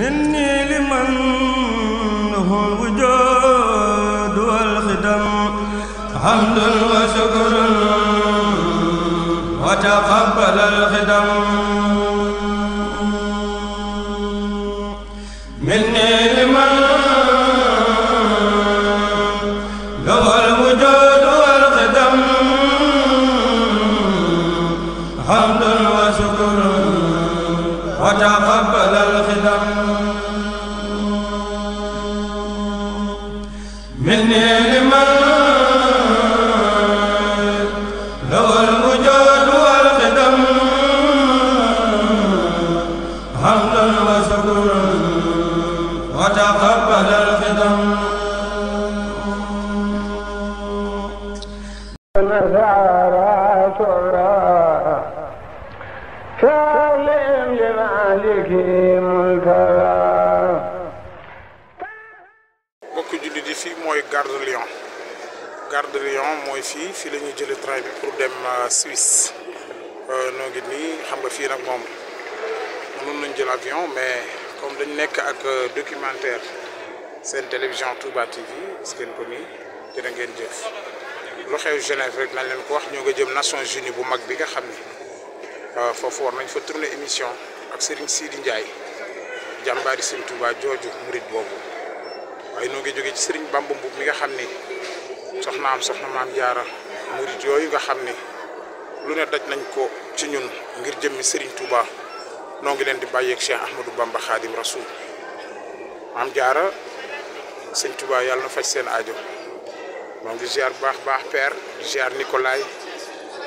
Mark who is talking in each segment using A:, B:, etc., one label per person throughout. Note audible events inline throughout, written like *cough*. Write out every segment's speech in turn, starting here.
A: مني لمن له الوجود والخدم حمد وشكر وتقبل الخدم
B: de Lyon mooy fii fii la ñuy jëlee train bi pour dem euh, Suisse euh, noo ngi nii xam nga fii nag moom mënoon nañ jël avion mais comme dañ nek ak euh, documentaire seen télévision Touba TV gis ngeen ko nii dina ngeen jëf Lo xew Genève rek nañ leen ko wax ñoo nga jëm Nations Unies bu mag bi nga xamni. Euh fofu war nañ fa tourner émission ak Serigne Sidi Ndiaye jàmbaari Serigne Touba jooju murit bobu. waaye noo ngi jógee ci Serigne Bamba Mboup mi nga xamni soxnaam soxna maam jaara murit yooyu nga xam ne lu ne daj nañ ko ci ñun ngir jëmmi Serigne Touba noo ngi leen di bàyyeek Cheikh Ahmadou Bamba Khadim Rasoul maam jaara sëñ Touba yàlla na faj seen aajo moo ngi bu baax baax père di ziar Nicolay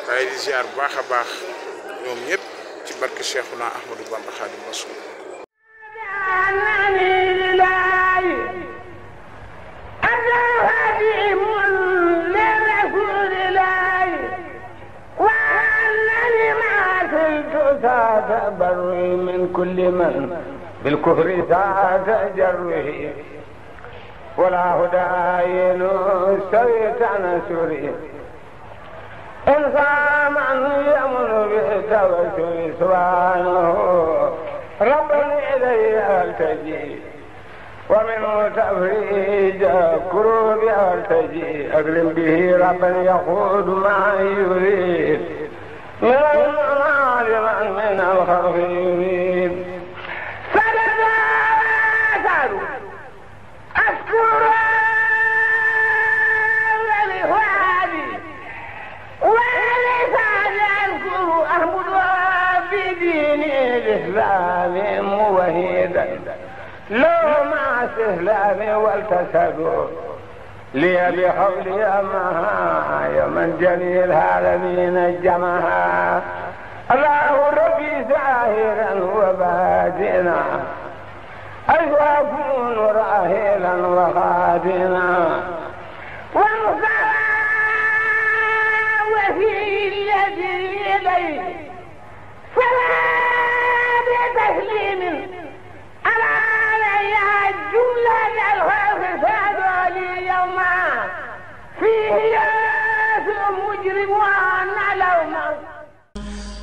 B: waaye di ziar bu baax a baax ñoom ñëpp ci barke Cheikhouna Ahmadou Bamba Khadim Rasoul
C: زاد بري من كل من بالكفر زاد جروي ولا هدى سويت عن سوري إنسان يمن بالتوسل سبحانه ربني إلي ألتجي ومنه تفريج كروب ألتجي أكرم به ربا يقود ما يريد تقول لي بحول بحبلي يا من جميل العالمين جمعها الله ربي زاهرا وبادنا أشواف أيوة راهلا وخادنا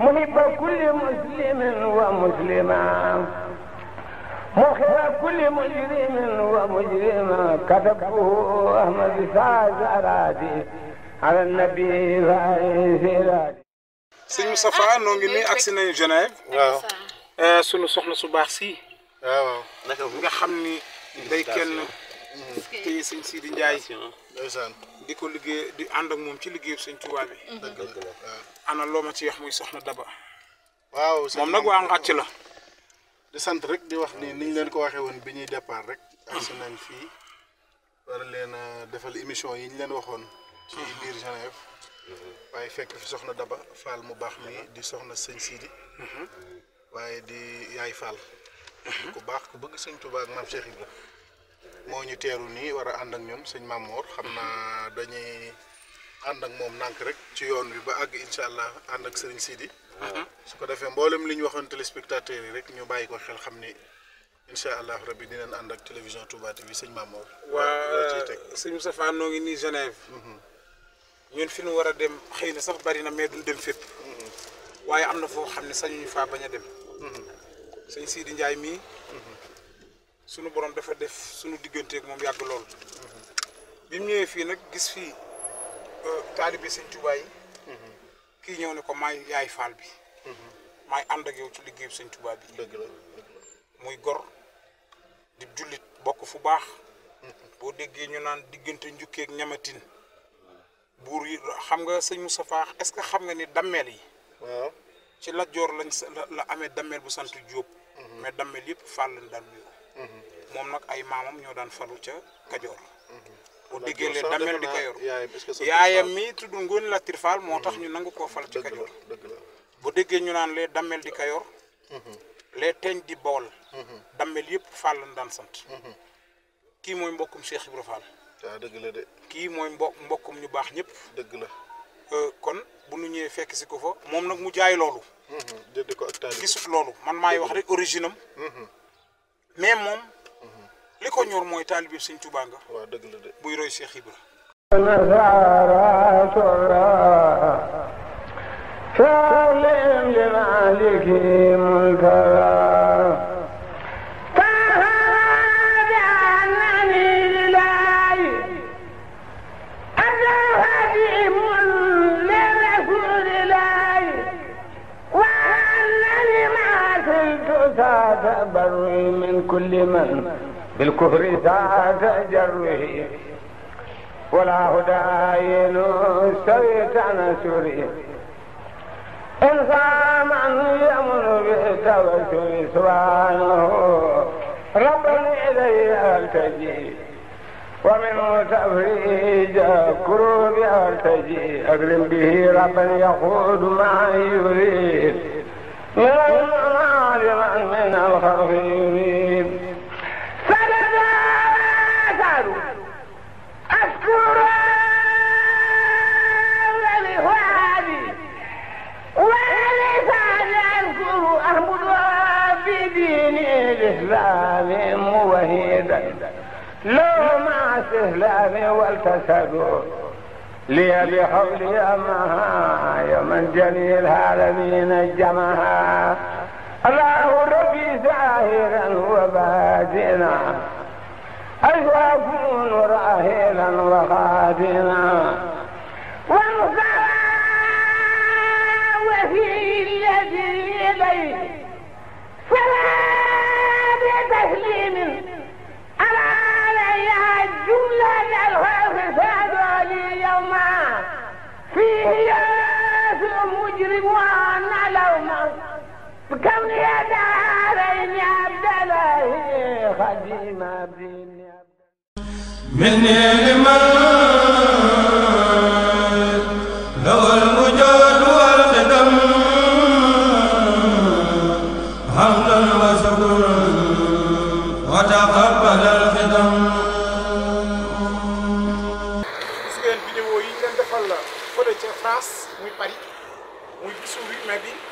C: محب كل مسلم ومسلما مخيف كل مجرم ومجرما كتبه أحمد سازراتي على النبي فائزراتي
B: sëñ Moustapha noo ngi nii agsi nañu Genève. waaw eh, sunu soxna su baax si. waaw naka nga xam ni day kenn. tey sëñ Sidi Ndiaye. ndeysaan. di ko liggéey di ànd ak moom ci liggéey sëñ Tuubaa bi. ana loo ma ci wax
D: muy soxna Daba. waaw moom nag waa Ngathie la. di sant rek di wax ni niñ leen ko waxee woon bi ñuy départ rek. agsi nañ fii leen a defal émission yi ñu leen waxoon. ci biir Genève. waaye fekk fi soxna Daba Fall mu baax mi di soxna sëñ Sidi. Mhm. waaye di Yaay Fall. Mhm. ku baax ku bëgg sëñ Tuubaa ak maam Cheikh Ibrahima. moo ñu teeru nii war a ànd ak ñoom sëñ Mamour xam naa dañuy ànd ak moom nank rek ci yoon wi ba àgg incha allah ànd ak sëriñ Sidi. Uh-huh. su ko defee mboolem li ñu waxoon téléspectateurs yi rek ñu bàyyi ko xel xam ni incha allah rabbi dinañ ànd ak télévision Touba bi sañ Mamour.
B: waa sëñ Moustapha noo ngi nii Genève. Mm-hmm. ñun fi ñu war a dem xëy na sax bari na mais duñ dem fépp. Mm-hmm. waaye am na foo xam ne sañuñu faa bañ a dem. Mm-hmm. sëñ Sidi Ndiaye mii. sunu borom dafa def sunu digganteeg moom yàgg lool bi mu ñëwee fii nag gis fii euh, taalibe sëñ Tuubaa yi kii ñëw ne ko maay yaay faal bi maay ànd ak yow ci liggéeyu sëñ Tuubaa bi dëgg la muy gor di jullit bokk fu baax boo déggee ñu naan diggante njukkeeg ñamatin buur yi xam nga sëñ Moustapha est-ce que xam nga ni dammeel yi ci Lat Joor lañ la amee dammeel bu sant Jóob mhm. mais dammeel yëpp faal lañ daan nuyoo moom nag ay maamam ñoo daan falu ca Kajoor. bu déggee lee damel di Kajoor yaayam mi tudd Ngoone Latir Fall moo tax mm-hmm. ñu nangu koo fal ci Kajoor. bu déggee ñu naan le damel di Kajoor. Mm-hmm. lee teeñ di Bawol. Mm-hmm. damel yëpp Fall lañ daan sant. kii mooy mbokkum Cheikh Ibra Fall. waaw ah, dëgg kii mooy mbo mbokkum ñu baax ñëpp. dëgg la. Euh, kon bu ñu ñëwee fekk si ko fa moom nag mu jaay loolu. jënd ko ak gisut loolu man maay wax rek origine am. moom. li ko ñor mooy taalibe sëñ Tuubaa nga waaw dëgg la de buy roy Seex Ibra
C: سلم لمالك منكرا
E: فهذا أنني لله أنا هديم لرسول الله
C: وأنني ما كنت تتبرئ من كل من بالكفر ساعة جره ولا هدى سويت عن سوري إنسان من يمن توت سبحانه ربني إليه ألتجي ومنه تفريج كروب التجي اقرن به ربا يقود ما يريد
F: من المعلم
C: من الخلق يريد
E: استهلال
C: موهيدا لو مع استهلال والتسدد لي بحول يا من جميع العالمين جمعها الله ربي زاهرا وبادنا أشوافون راهلا وغادنا
E: ونساء وفي الذي إليه جملة الألفاظ علي يوما فيه يأثم مجرم وأنا لوما بكم يا دارين عبد
C: الله خديم بن
F: من الموت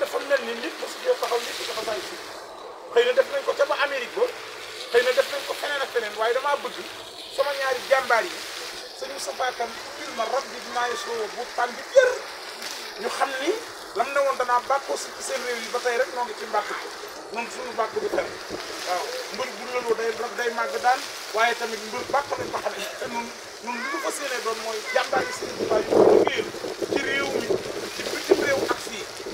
B: dafa mel ni nit mosu jee taxaw nit dafa bàyyi suuf xëy na def nañ ko ca ba Amérique ba xëy na def nañ ko feneen a feneen waaye damaa bëgg sama ñaari jàmbaar yi suñu sapaatam bir ma rab bi maayo sowo bu tàn bi jër ñu xam ni lam ne woon danaa bàkkoo si ci seen ba tey rek noo ngi ci mbàkk bi moom suñu bàkk bi bu lëloo day day màgg daan waaye tamit mbër bàkk nañ ba xam ne nun nun li ñu ko doon mooy jàmbaar yi seen tubaab yi ci réew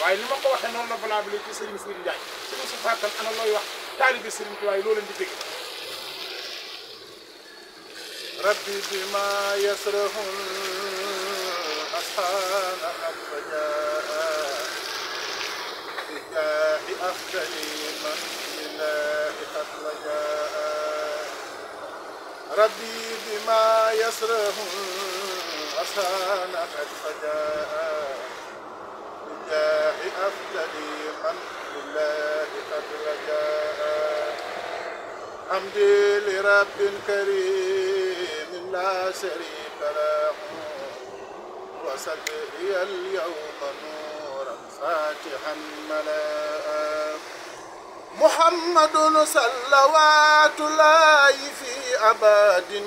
B: waaye ni ma ko waxee noonu la valable ci Serigne Sidi Ndiaye Serigne su fàttan ana looy wax taalibe Serigne Touba waaye loo leen di dégg
D: rabbi bima yasrahun asxaana ak fajaa bihaahi afdali man lillahi qad wajaa rabbi bima yasrahun asxaana ak fajaa أفتدي حمد الله قد رجاء حمدي لرب كريم لا شريك له وسبحي اليوم نورا فاتحا ملاء محمد صلوات الله في أباد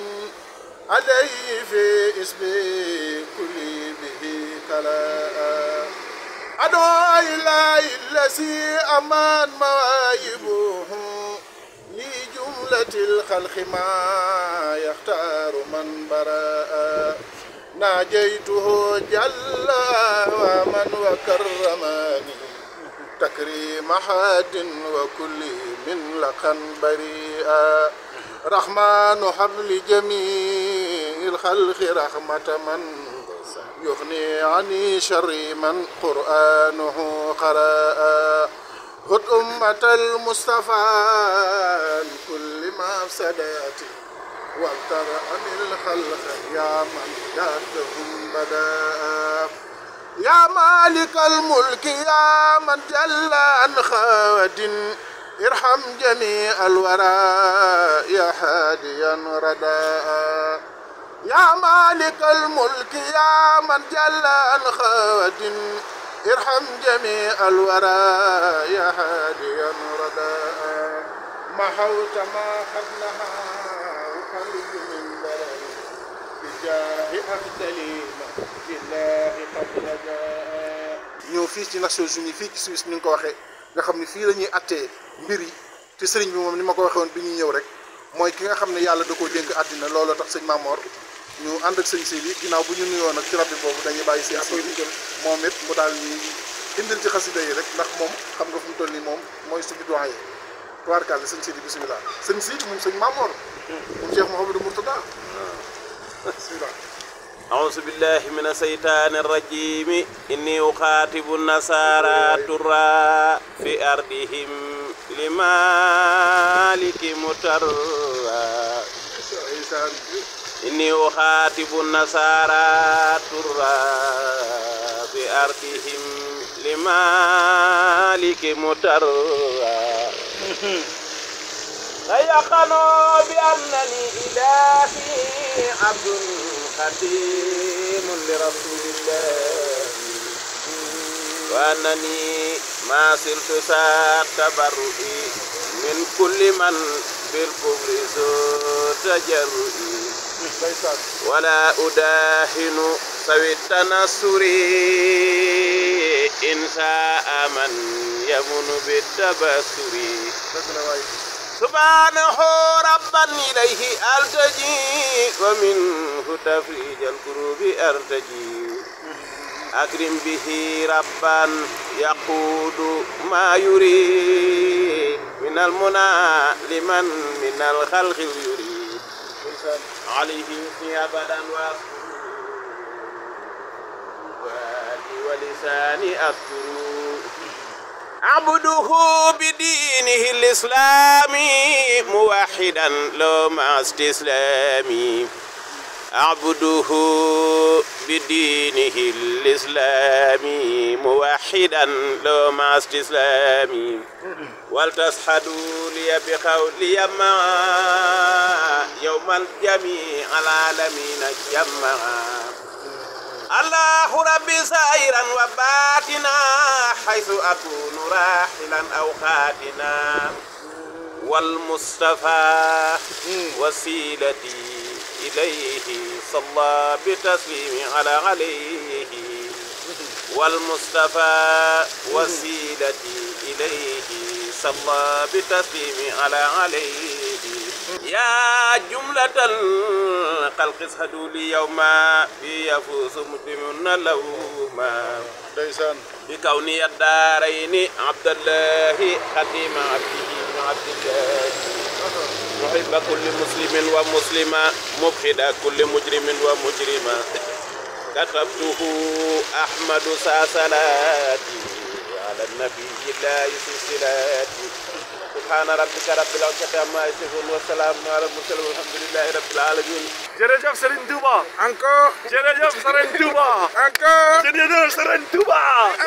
D: عليه في اسمه كل به كلام أدعو إلى الذي أمان مواهبه لجملة الخلق ما يختار من براء ناجيته جل ومن وكرمني تكريم حاد وكل من لقا بريئا رحمن حبل جميع الخلق رحمة من يغني عني شر من قرآنه قراء هد أمة المصطفى من كل مفسدات وابتر عن الخلق يا من جاتهم بداء يا مالك الملك يا من جل عن خاد ارحم جميع الورى يا حاديا رداء يا مالك الملك يا من جل الخوات ارحم جميع الورى يا هاديا رداء محوت ما قبلها وقلب من بلد بجاه أفضل الله قد رجاء ñëw fii ci Nations Unies fii ci Suisse ni nga ko waxee nga xam ne fii la ñuy attee mbir yi te sëriñ bi moom ni ma ko waxee woon bi ñuy ñëw rek mooy ki nga xam ne yàlla da koo dénk àddina looloo tax sëñ Mamor ñu ànd ak sëñ Sidi ginnaaw bu ñu nuyoo nag ci rabbi boobu dañuy bàyyi modal ini. moom it mu daal di indil ci xasida yi rek ndax moom xam nga fu mu toll nii moom mooy suñu doyen yi tubaarkàlla sëñ Sidi bisimilah sëñ Sidi moom sëñ Mamoor moom Cheikh Mouhamadou Mourtada bisimilah
G: أعوذ بالله من الشيطان الرجيم إني أخاطب النصارى ترى في أرضهم لمالك مترى إني أخاطب النصارى ترى بأرضهم لمالك مترى فيقنوا بأنني إلهي عبد خديم لرسول الله وأنني ما صرت سات تبرئي من كل من بالكفر زود تجرئي ولا أداهن سوي التنصر إن شاء من يمن بالتبصر سبحانه ربا إليه أرتجي ومنه تفريج الكروب أرتجي أكرم به ربا يقود ما يريد من المنى لمن من الخلق يريد عليهم ثياب الأنوار ولسان أذكر عبده بدينه الإسلامي موحدا لما استسلامي أعبده بدينه الإسلامي موحدا لو مع استسلامي ولتصحدوا لي بقولي ما يوم الجميع العالمين جمعا الله ربي سائرا وباتنا حيث أكون راحلا أو خاتنا والمصطفى وسيلتي إليه صلى بتسليم على عليه والمصطفى وسيلتي إليه صلى بتسليم على عليه يا جملة الخلق اشهدوا لي يوما يفوز مسلمون لوما بكوني الدارين عبد الله خديم عبده عبد الله محب كل مسلم ومسلمة مبحد كل مجرم ومجرمة كتبته أحمد ساسلاتي على النبي لا سلسلاتي سبحان ربك رب العزة عما يصفون والسلام على المرسلين والحمد لله رب العالمين
A: جرجف سرين jërëjëf Serigne Touba encore jërëjëf Serigne Touba encore jërëjëf
E: Serigne Touba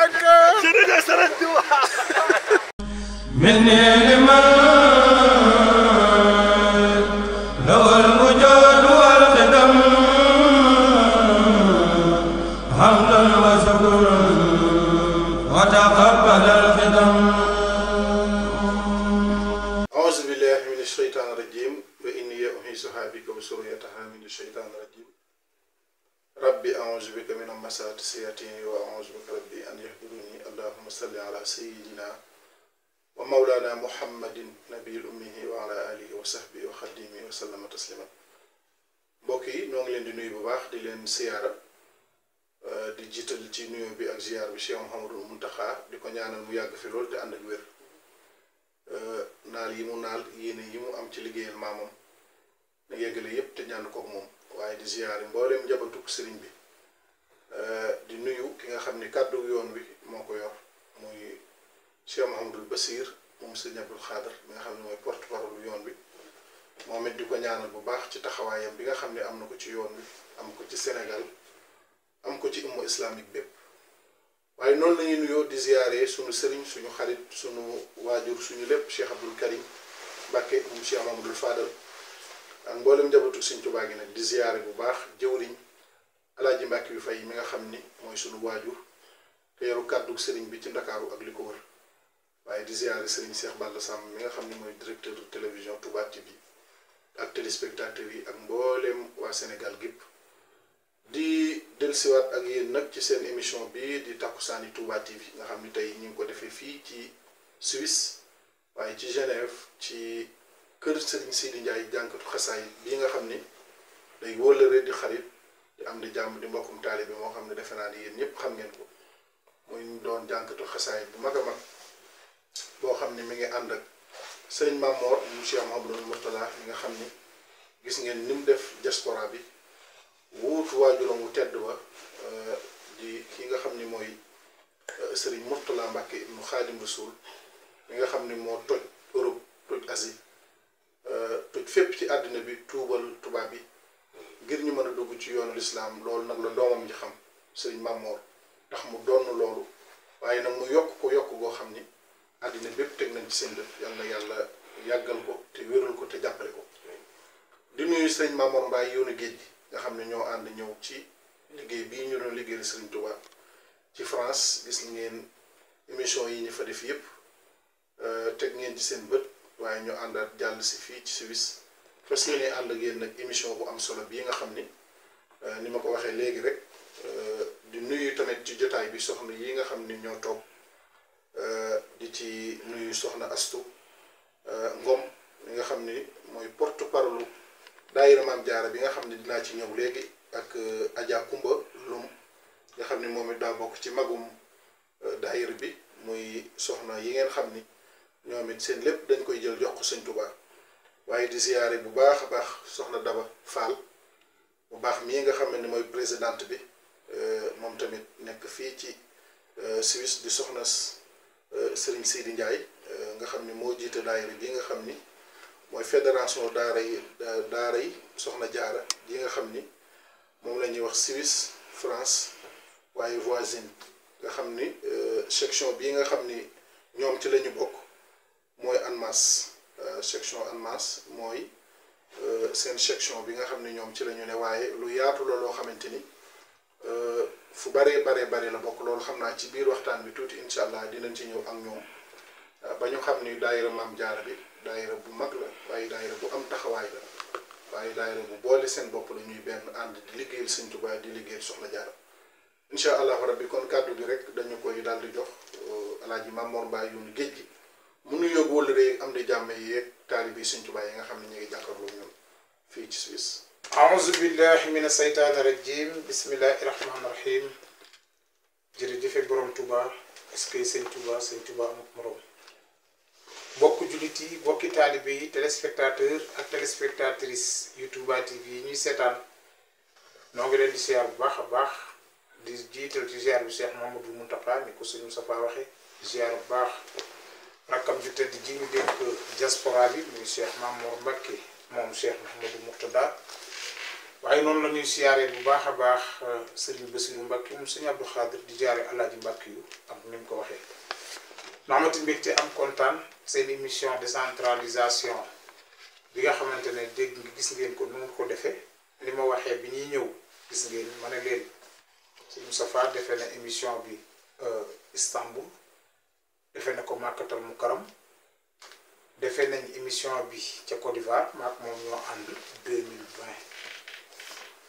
E: encore jërëjëf Serigne
A: Touba
D: wasallama tasliman mbokk yi ñoo ngi leen di nuyu bu baax di leen siyaara euh, di jiital ci nuyoo bi ak ziyaar bi Cheikh Mouhamadul Muntaxa di ko ñaanal mu yàgg fi loolu te ànd ak wér euh, naal yi mu naal yéene yi mu am ci liggéeyal maamam na yeggale yépp te ñaan ko moom waaye di ziyaar yi mbooleem njabatuk sëriñ bi euh, di nuyu ki nga xam ni kàddu yoon wi moo ko yor muy Cheikh Mouhamadul Basir moom sëriñ Abdul Xaadar mi nga xam ne mooy porte-parole yoon bi moom it di ko ñaanal bu baax ci taxawaayam bi nga xam ne am na ko ci yoon wi am ko ci senegal am ko ci umma islamique bépp waaye noonu la ñuy nuyoo di ziyaare suñu sëriñ suñu xarit suñu waajur suñu lépp Cheikh Abdul Karim Mbàkke moom Cheikh Mamadul Fadal ak mboolem njabootu Sëriñ Tuubaa gi nag di ziyaare bu baax jëwriñ alaaji Mbàkke bi fay mi nga xam ni mooy suñu waajur te yoru kàddu sëriñ bi ci ndakaaru ak li ko wër waaye di ziyaare sëriñ Cheikh Balla Samb mi nga xam ni mooy directeur de télévision Touba TV ak téléspectateurs yi ak mbooleem waa Sénégal gépp di dellusiwaat ak yéen nag ci seen émission bi di Takkusaani Touba TV nga xam ni tey ñu ngi ko defee fii ci Suisse waaye ci Genève ci kër Serigne Sidi Ndiaye jànkatu xasaay bii nga xam ni day wóllëre di xarit di am di jàmm di mbokkum taalibe moo xam ne defe naa ni yéen ñëpp xam ngeen ko muy doon jànkatu xasaay bu mag a xam ni mi ngi ànd ak. sëriñ Mamor mu Cheikh Mouhamadoul Mourtada mi nga xam ni gis ngeen ni def diaspora bi wuutu waajuram wu tedd wa euh, di ki nga xam ni mooy euh, sëriñ Mourtada Mbacke ibnu Xaadim Rasul mi nga xam ni moo toj Europe toj Asie euh, toj fépp ci àddina bi tuubal tubaab yi ngir ñu mën a dugg ci yoonu lislaam loolu nag la doomam ji xam sëriñ Mamor ndax mu doon loolu waaye nag mu yokk ko yokk goo xam ni. àddina bépp teg nañ ci seen dëkk yàlla yàlla yàggal ko te wéral ko te jàppale ko di nuyu sëñ Mamour Mbaye yoonu géej gi nga xam ne ñoo ànd ñëw ci liggéey bi ñu doon liggéeyal Serigne Touba ci France gis ngeen émission yi ñu fa def yëpp euh, teg ngeen ci seen bët waaye ñu àndaat jàll si fii ci Suisse fas yéene ànd ak émission bu am solo bi nga xam ni euh, ni ma ko waxee léegi rek euh, di nuyu tamit ci jotaay bi soxna yi nga xam ni ñoo toog. di ci nuyu soxna astu euh, ngom mi nga xam ni mooy porte parole daayira maam jaara bi nga xam ni dinaa ci ñëw léegi ak euh, ajaa Kumba Lum nga xam ni moom it daa bokk ci magum euh, daayira bi muy soxna yi ngeen xam ni ñoom it seen lépp dañ koy jël jox ko sëñ waaye di siyaare bu baax a baax soxna Daba Fall bu baax mii nga xam ni mooy présidente bi moom tamit nekk fii ci Suisse di soxna Serigne Seydi Ndiaye euh, nga xam ni moo jiite daayira bi nga xam ni mooy fédération daara yi daara yi soxna jaara yi nga xam ni moom la ñuy wax Suisse France waaye voisine nga xam ni euh, section bii nga xam ni ñoom ci la ñu bokk mooy ANMAS euh, section ANMAS mooy seen section bi nga xam ni ñoom ci la ñu ne waaye lu yaatu la loo xamante ni. fu bare bare bare la bok lolou xamna ci biir waxtaan bi tuuti inshallah dinañ ci ñew ak ñoom euh, ba ñu xam ni maam jaara bi daayira bu mag la waye daayira bu am taxaway la waye daayira bu boole seen bop la ñuy benn and di liggéeyal sëñ Tuubaa di liggéeyal soxla jaara inshallah rabbi kon kaddu bi rek dañu koy dal di jox euh, alaaji maam Mor ba yoonu géej gi mu nuyoo wóolu rek am di jàmm yek talibi sëñ Tuubaa yi nga xam ne ngi ci Suisse aouzu billahi min aseytaani rajim bismillahi rahmaani
B: rahim jërëjëfe borom Touba est-ce que sëñ Touba sëñ Touba amut morom bokk jullit bokki taalibe yi ak téléspectatrice yu Touba TV yi ñuy seetaan noo ngi leen di ziar bu baax a baax di jiital ci ziar bu Cheikh Mamadou Mountakha ni ko sëñ Moustapha waxe ziar bu baax rakkam ju tëdd ji ñu dénk diaspora bi muy Cheikh Mamour Mbacké moom Cheikh Mahamadou Mourtada waaye noonu la ñuy siyaaree bu baax a baax euh, sëriñ Bassirou Mbacke moom sëriñ Abdou Khadir di jaare Alaaji Mbacke yu ak ni ko waxee nu amati mbégte am kontaan seen émission décentralisation bi nga xamante ne dégg gis ngeen ko nu ko defee li ma waxee bi ñuy ñëw gis ngeen ma ne leen sëriñ Moustapha defee na émission bi euh, Istanbul defe na ko Màkkatal mu karam defee nañ émission bi ca Côte d'Ivoire maak moom ñoo ànd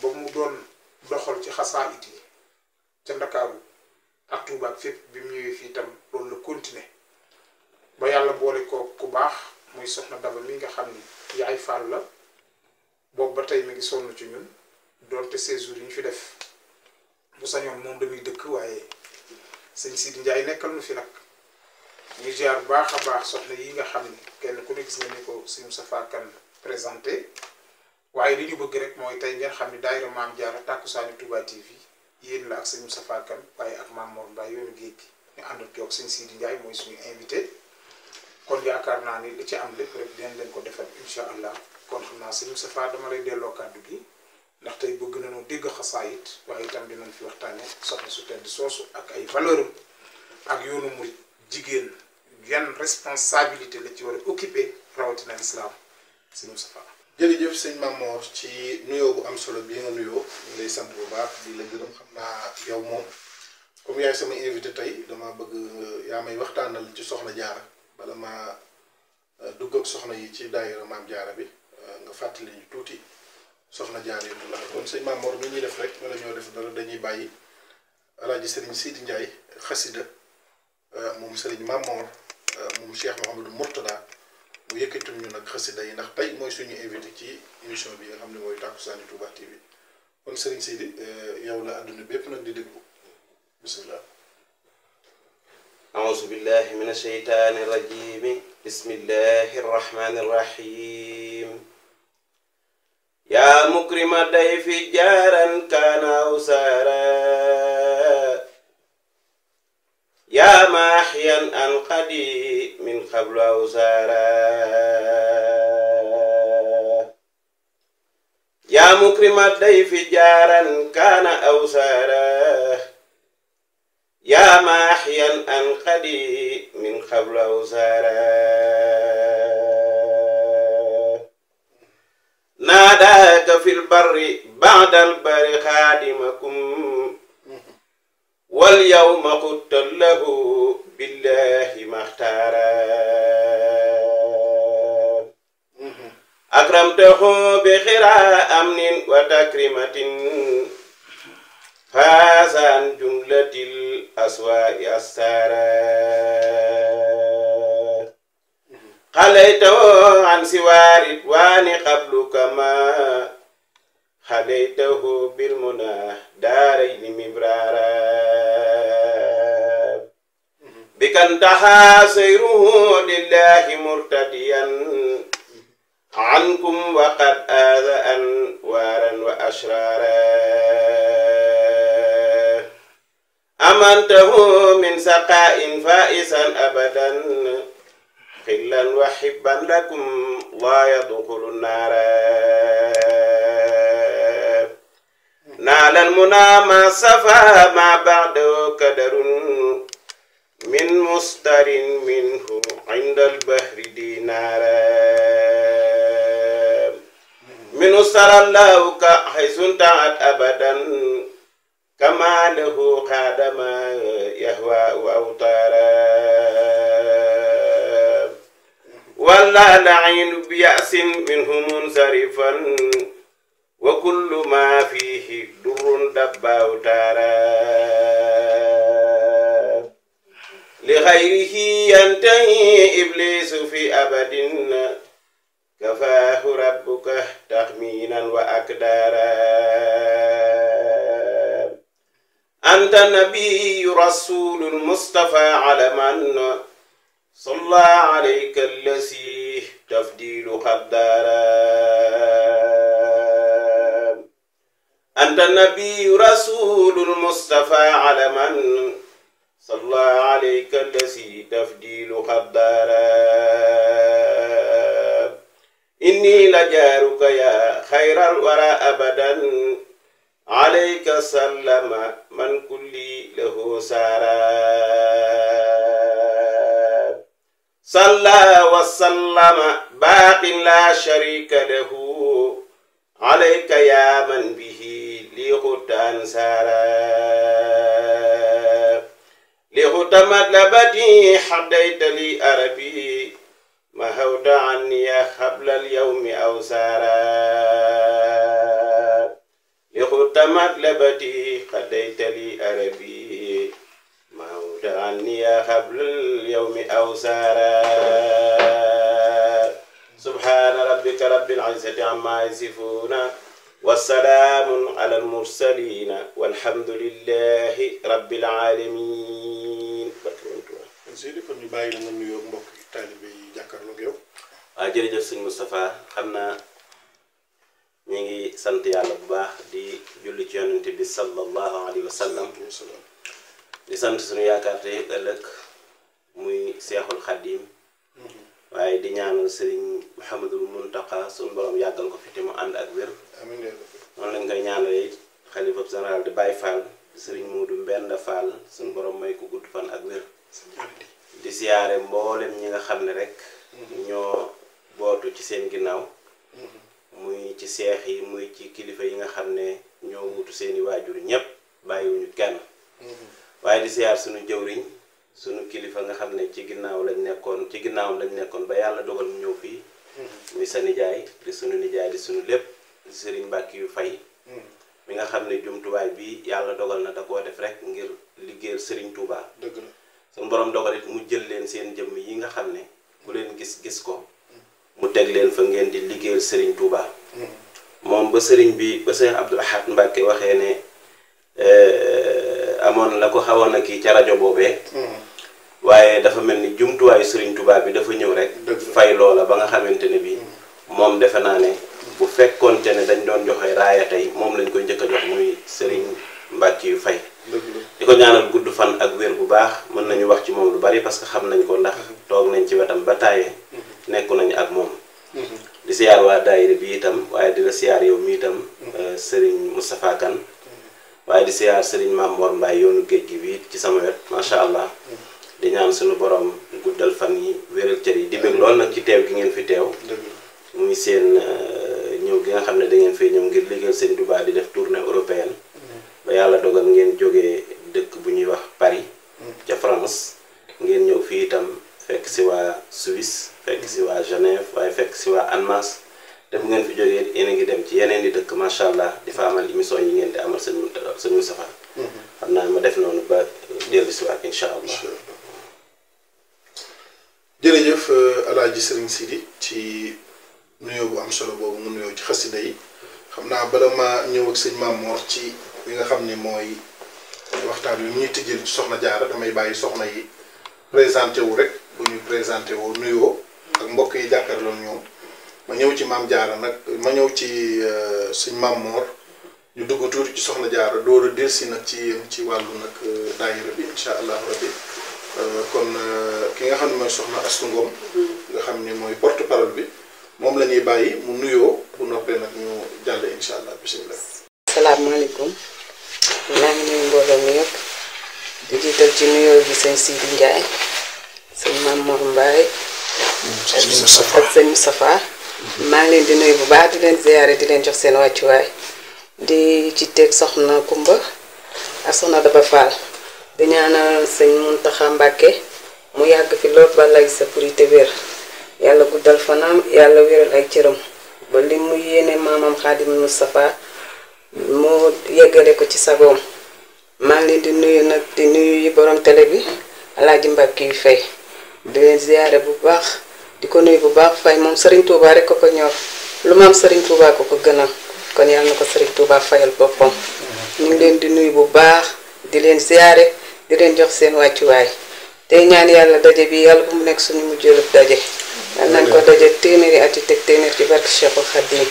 B: ba mu doon doxal ci xasaayit yi ca ndakaaru ak Tuuba ak bi mu ñëwee fii tam loolu la continuer ba yàlla boole ko ku baax mooy soxna Daba mi nga xam ni yaay Fall la boobu ba tey mi ngi sonn ci ñun doonte séjour yi ñu fi def bu sañoon moom dañuy dëkk waaye sëñ Sidi Ndiaye nekkal nu fi nag ñu jaar baax a baax soxna yi nga xam ne kenn ku ne gis nga ni ko suñu safaar kan présenté. waaye li ñu bëgg rek mooy tey ngeen xam ne daayira maam Diarra saa Touba TV yéen la ak sëñ Moustapha Kane waaye ak maam Mor Mbaye yoonu géej gi ñu ànd ak yow sëñ Sidi Ndiaye mooy suñu invité kon yaakaar naa ni li ci am lépp rek dinañ leen ko defal incha allah kon xam naa sëñ Moustapha dama lay gi ndax tey bëgg nañu dégg xasaayit waaye itam dinañ fi waxtaane soxna su tedd soosu ak ay valeur yoonu murit jigéen yan
D: responsabilité la ci war a occupé rawatina islam sëñ jërëjëf sëñ Mamor ci nuyoo bu am solo bii nga nuyoo ñu lay sant bu baax di la gërëm xam naa yow moom comme yaay sama invité tey dama bëgg euh, yaa may waxtaanal ci soxna jaara bala ma euh, dugg ak soxna yi ci daayira maam jaara bi euh, nga fàttali ñu tuuti soxna jaar yi la kon sëñ Mamor mi ñuy def rek nga la def dara dañuy bàyyi alaaji sëriñ Sidi Ndiaye xasida moom sëriñ Mamor moom Cheikh Mouhamadou Mourtada mu yëkkatul ñu nag xasida yi ndax tey mooy suñu invité ci émission bi nga xam ne mooy Takkusaani Touba TV kon Serigne Seydi yow la àdduna bépp nag di déglu
G: bisimilah. أعوذ بالله من الشيطان الرجيم بسم الله الرحمن الرحيم يا مكرم الضيف جارا كان أو سارا يا ماحيا القدي من قبل اوزارا يا مكرم الضيف جارا كان اوزارا يا ماحيا القدي من قبل اوزارا
H: ناداك في البر بعد البر خادمكم
G: wal yawma quttal lahu billahi maxtaara akramtahu bi xira amnin wa takrimatin faasaan jumlatil aswaa'i astaara xalaytahu an siwaari waani qablu kama هديته بالمنى دارين مبرارا بك انتهى سيره لله مرتديا عنكم وقد آذى أنوارا وأشرارا أمنته من سقاء فائسا أبدا خلا وحبا لكم لا يدخل النار نال المنى ما سفى ما بعد كدر من مصدر منه عند البحر دينار من سر الله حيث انتهت أبدا كما له قادما يهوى وأوتارا ولا لعين بيأس منه منصرفا وكل ما فيه در دبا وتارا
H: لغيره ينتهي
G: إبليس في أبد كفاه ربك تخمينا وأكدارا أنت نبي رسول المصطفى على من صلى عليك الذي تفديل قدارا أنت النبي رسول المصطفى على من صلى عليك الذي تفجيل خدارا إني لجارك يا خير الورى أبدا عليك سلم من كل له سارا صلى وسلم باق لا شريك له عليك يا من به لغت سارا لغت لبدي حديت لي أربي ما هود عني قبل اليوم أو سارا لغت لبدي حديت لي أربي ما هود عني قبل اليوم أو سارا سبحان ربك رب العزة عما يصفون والسلام على المرسلين والحمد لله رب العالمين sëriñ kon ñu bàyyi la nga nuyoo mbokk taalibe yi jàkkaarloo ak yow. waaw jërëjëf sëñ Moustapha xam naa ñu ngi sant yàlla bu baax di julli ci yonent bi sallallahu alayhi wa sallam di sant suñu yaakaar te ëllëg muy seexul xaddiim waaye di ñaanal sëriñ Mouhamadul Mountakha suñu borom yàggal ko fi te mu ànd ak wér. amiin noonu lañ koy ñaanalee xalifa général di Baye Fall sëriñ Moodu Mbenda Fall suñ borom may ko gudd fan ak wér. di siyaare mboolem ñi nga xam ne rek. ñoo bootu ci seen ginnaaw. muy ci seex yi muy ci kilifa yi nga xam ne ñoo wutu seeni waajur ñépp bàyyiwuñu kenn. Mm-hmm. waaye di siyaar suñu jëwriñ. sunu kilifa nga xam ne ci ginnaaw lañ nekkoon ci ginnaawam lañ nekkoon ba yàlla dogal mu ñëw fii mm-hmm. muy sa nijaay di sunu nijaay di sunu lépp sëriñ mbàkk yu fay mm-hmm. mi nga xam ne jumtuwaay bi yàlla dogal na da koo def rek ngir liggéeyal sëriñ Touba. dëgg la borom dogal mu jël leen seen jëmm yi nga xam ne ku leen gis gis ko mm-hmm. mu teg leen fa ngeen di liggéey sëriñ Touba. moom ba sëriñ bi ba sëriñ Abdul Ahad Mbàkke waxee ne eh, amoon la ko xawoon na kii ca rajo boobee. Mm-hmm. waaye dafa mel ni jumtuwaayu Serigne tubaab bi dafa ñëw rek. fay loola ba nga xamante ne bii. Mm-hmm. moom defe naa ne bu fekkoonte ne dañ doon joxe raaya tey moom lañ koy njëkk a jox muy Serigne Mbacke yu fay. di ko ñaanal gudd fan ak wér bu baax mën nañu wax ci moom lu bari parce que xam nañ ko ndax mm-hmm. toog nañ ci wetam ba taaye. nekku nañu ak moom. di siyaar waa daayira bi itam waaye dina siyaar yow mii itam. Euh, Serigne Moustapha waye di siyaar Serigne mam Mor mbay yonu geejgi wi ci sama wet sha allah di ñaan suñu borom guddal fan yi wéral ci ri di bëgg lool nak ci tew gi ngeen fi tew muy seen euh, ñew gi nga xamne da ngeen fay ñew ngir liggéeyal Serigne duba di def tournée européenne mm. ba yalla dogal ngeen joggé dekk bu ñuy wax Paris mm. ci France ngeen ñew fi itam fekk ci wa Suisse fekk ci wa Genève waaye fekk ci wa anmas te bu ngeen fi jógee yéen ngi dem ci yeneen di dëkk macha allah di fa amal émission yi ngeen di amal sëñ Mountakha sëñ Moustapha xam naa ma def noonu ba dellusiwaat incha allah.
D: jërëjëf euh, Alaaji Sëriñ Sidi ci nuyoo bu am solo boobu mu nuyoo ci xasida yi xam naa bala ma ñëw ak sëñ Maam ci li nga xam ne mooy waxtaan wi mu ñuy tijjel ci soxna jaara damay bàyyi soxna yi présenté wu rek bu ñu présenté woo nuyoo ak mbokk yi jàkkaarloo ñoom. ma ñëw ci maam jaara nag ma ñëw ci euh, suñ maam moor ñu dugg tuuti ci soxna jaara door a delsi nag ci yéen ci wàllu nag euh, daayira bi incha allahu rabbi euh, kon ki nga xam ne mooy soxna Astu Ngom mm-hmm. nga xam ni mooy porte parole bi moom la ñuy bàyyi mu nuyoo bu noppee nag ñu jàll incha allah bisimilah. asalaamaaleykum maa ngi nuyu mbooloo mi yëpp
I: di jiital ci nuyoo bi sëñ Sidi Ndiaye sëñ Maam Mor Mbaye ak sëñ Moustapha maa ngi leen di nuyu bu baax di leen ziyaare di leen jox seen wàccuwaay di ci teg soxna Kumba ak soxna Daba Fall di ñaanal sëñ Muntaxa Mbàkke mu yàgg fi lool balay sa purité wér yàlla guddal fanaam yàlla wéral ay cëram ba li mu yéene maamam Xaadim Moustapha mu yeggale ko ci sagoom maa ngi leen di nuyu nag di nuyu yi borom télé bi alaaji Mbàkke yu fay di leen ziyaare bu baax di ko nuyu bu baax fay moom Serigne Touba rek ko ko ñor lu maam Serigne Touba ko ko gënal kon yàlla na ko Serigne Touba fayal boppam. ñu ngi leen di nuyu bu baax di leen ziare di leen jox seen wàccuwaay tey ñaan yàlla daje bi yàlla bu mu nekk suñu mujjëlub daje. yàlla nañ ko daje téeméeri at yi teg téeméer ci barke Cheikhul Khadim.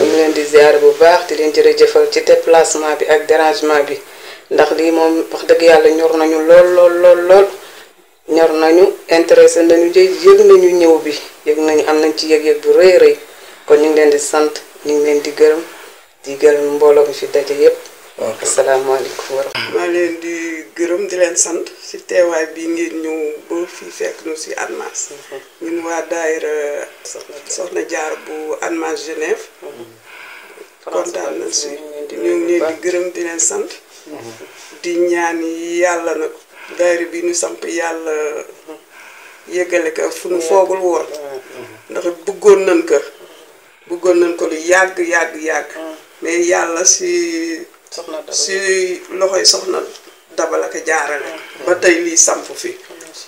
I: ñu leen di ziare bu baax di leen jëfal ci déplacement bi ak dérangement bi ndax lii moom wax dëgg yàlla ñor nañu lool lool lool. ñor nañu intéressé nañu yëg nañu ñëw bi yëg nañu am nañ ci yëg-yëg bu rëy rëy kon ñu ngi leen di sant ñu ngi leen di gërëm di gërëm mbooloo mi fi daje yëpp. waaw wa rahmatulah.
H: leen di gërëm di leen sant si teewaay bi ngeen ñëw ba fii si Anmas. ñun waa daayira Soxna Jaar bu Anmas Genève. Mm-hmm. kontaan na ñu ngi gërëm di leen sant. Mm-hmm. di ñaan yàlla nag. daayira bi ñu samp yàlla yëgale ko fu nu foogul woon ndax bëggoon nañ kër bëggoon nañ ko lu yàgg yàgg yàgg mais yàlla si si loxo soxna dabal ak jaarale ba tey lii samp fi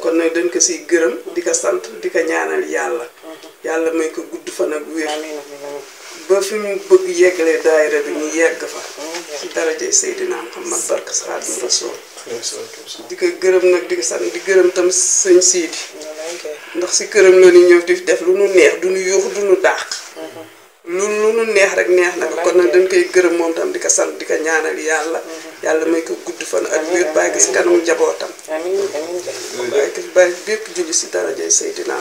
H: kon nag dañ ko siy gërëm di ko sant di ko ñaanal yàlla yàlla may ko gudd fa ak wér ba fi mu bëgg yeggalee daayira bi ñu yegg fa daraje Seydina Muhammad barke Xaadimu Rasuul di ko gërëm nag di ko sant di gërëm tam sëñ Sidi ndax si këram la di def lu nu neex du nu yuux du lu lu neex rek neex na ko kon nag dañ gërëm moom tam di ko sant di ko ñaanal yàlla yàlla may ko gudd fan ak wér bàyyi kanamu njabootam bàyyi ko bàyyi bépp julli si daraje Seydina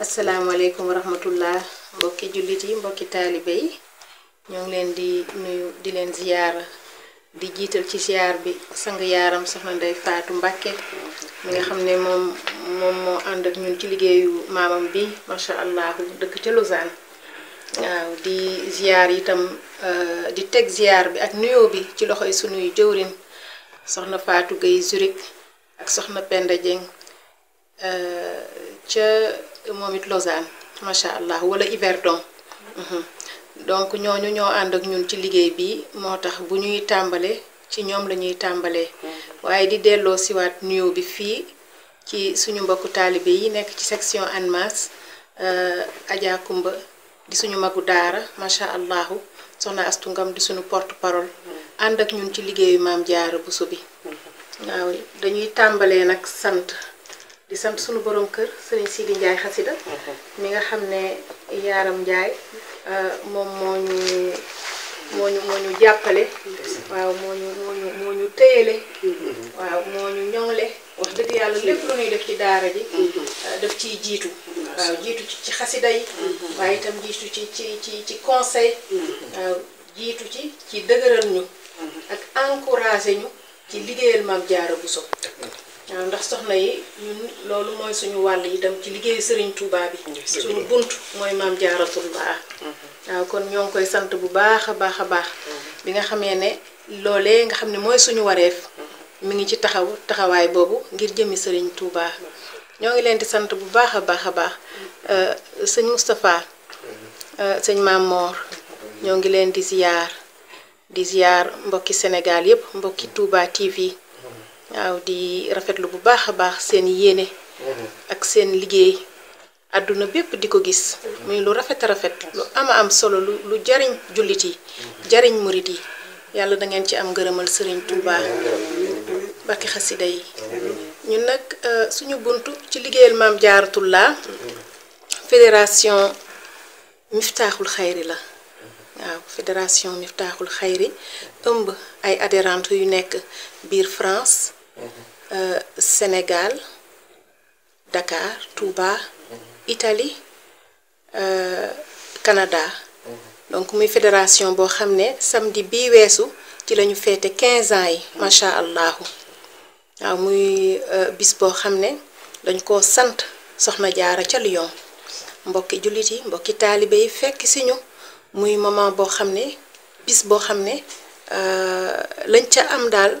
J: asalaamaaleykum wa rahmatullah mbokki jullit yi mbokki taalibe yi ñoo ngi leen di nuyu di leen ziyaara di jiital ci ziyaar bi sang yaaram soxna Ndey Faatu Mbàkke mi nga xam ne moom moom moo ànd ak ñun ci liggéeyu maamam bi macha allah dëkk ca Lausanne waaw di ziyaar itam euh, di teg ziyaar bi ak nuyoo bi ci loxoy sunuy jëwrin soxna Faatu Gay Zurich ak soxna Penda euh, ca moom it Lausanne macha allah wala Yverdon mhm. donc ñooñu ñoo ànd ak ñun ci liggéey bi moo tax bu ñuy tàmbalee ci ñoom la ñuy tàmbalee. Mhm. waaye di delloo siwaat nuyoo bi fii ci suñu mbokku taalibe yi nekk ci section ANMAS euh, Adja Kumba di suñu magu daara macha allah soxna Astu Ngam di suñu porte parole. Mhm. ànd ak ñun ci liggéeyu maam Jaara Buso bi. waaw dañuy tàmbalee nag sant. di sant suñu boroom kër sëriñ Sidi Ndiaye xasida mi nga xam ne yaaram Ndiaye euh, moom moo ñu moo ñu moo ñu jàppale. waaw moo ñu moo ñu moo ñu téyele. wax dëgg yàlla lépp lu ñuy def ci daara ji. Euh, daf ciy jiitu. waaw jiitu ci xasida yi. waaye itam jiitu ci ci ci ci conseil. waaw jiitu ci ci dëgëral ñu. ak encouragé ñu ci liggéeyal maam jaara bu so ndax soxna yi ñun loolu mooy suñu wàll yi itam ci liggéey sëriñ Touba bi. suñu bunt mooy maam jaaratul baax. Mhm. waaw kon ñoo koy sant bu baax a baax a baax. Mhm. bi nga xamee ne loolee nga xam ne mooy suñu wareef. mu mhm. ngi ci taxaw taxawaay boobu ngir jëmmi sëriñ Touba. ñoo ngi leen di sant bu baax a baax a baax euh, sëñ Moustapha. Euh, sëñ Maam Mor ñoo ngi leen di siyaar di ziar mbokki senegal yëpp mbokki Touba TV. waaw di rafetlu bu baax a baax seen yéene. Mm-hmm. ak seen liggéey. àdduna bépp di ko gis. Mm-hmm. muy lu rafet rafet lu ama am solo lu jariñ jullit yi. Mm-hmm. jariñ murit yi. yàlla da ngeen ci am ngërëmal sëriñ Touba. bakki xasida yi. ñun nag euh, suñu buntu ci liggéeyal maam jaaratullaa fédération miftaaxul xayri la. waaw fédération miftaaxul xayri ëmb ay adhérentes yu nekk biir France. Euh, Sénégal Dakar Touba Italie euh, Canada donc une fédération bo xamné samedi bi ci 15 ans yi macha allahu euh, bis bo xamné dañ ko sante soxna jaara ci Lyon mbokki mbokki ñu moment bo bis lañ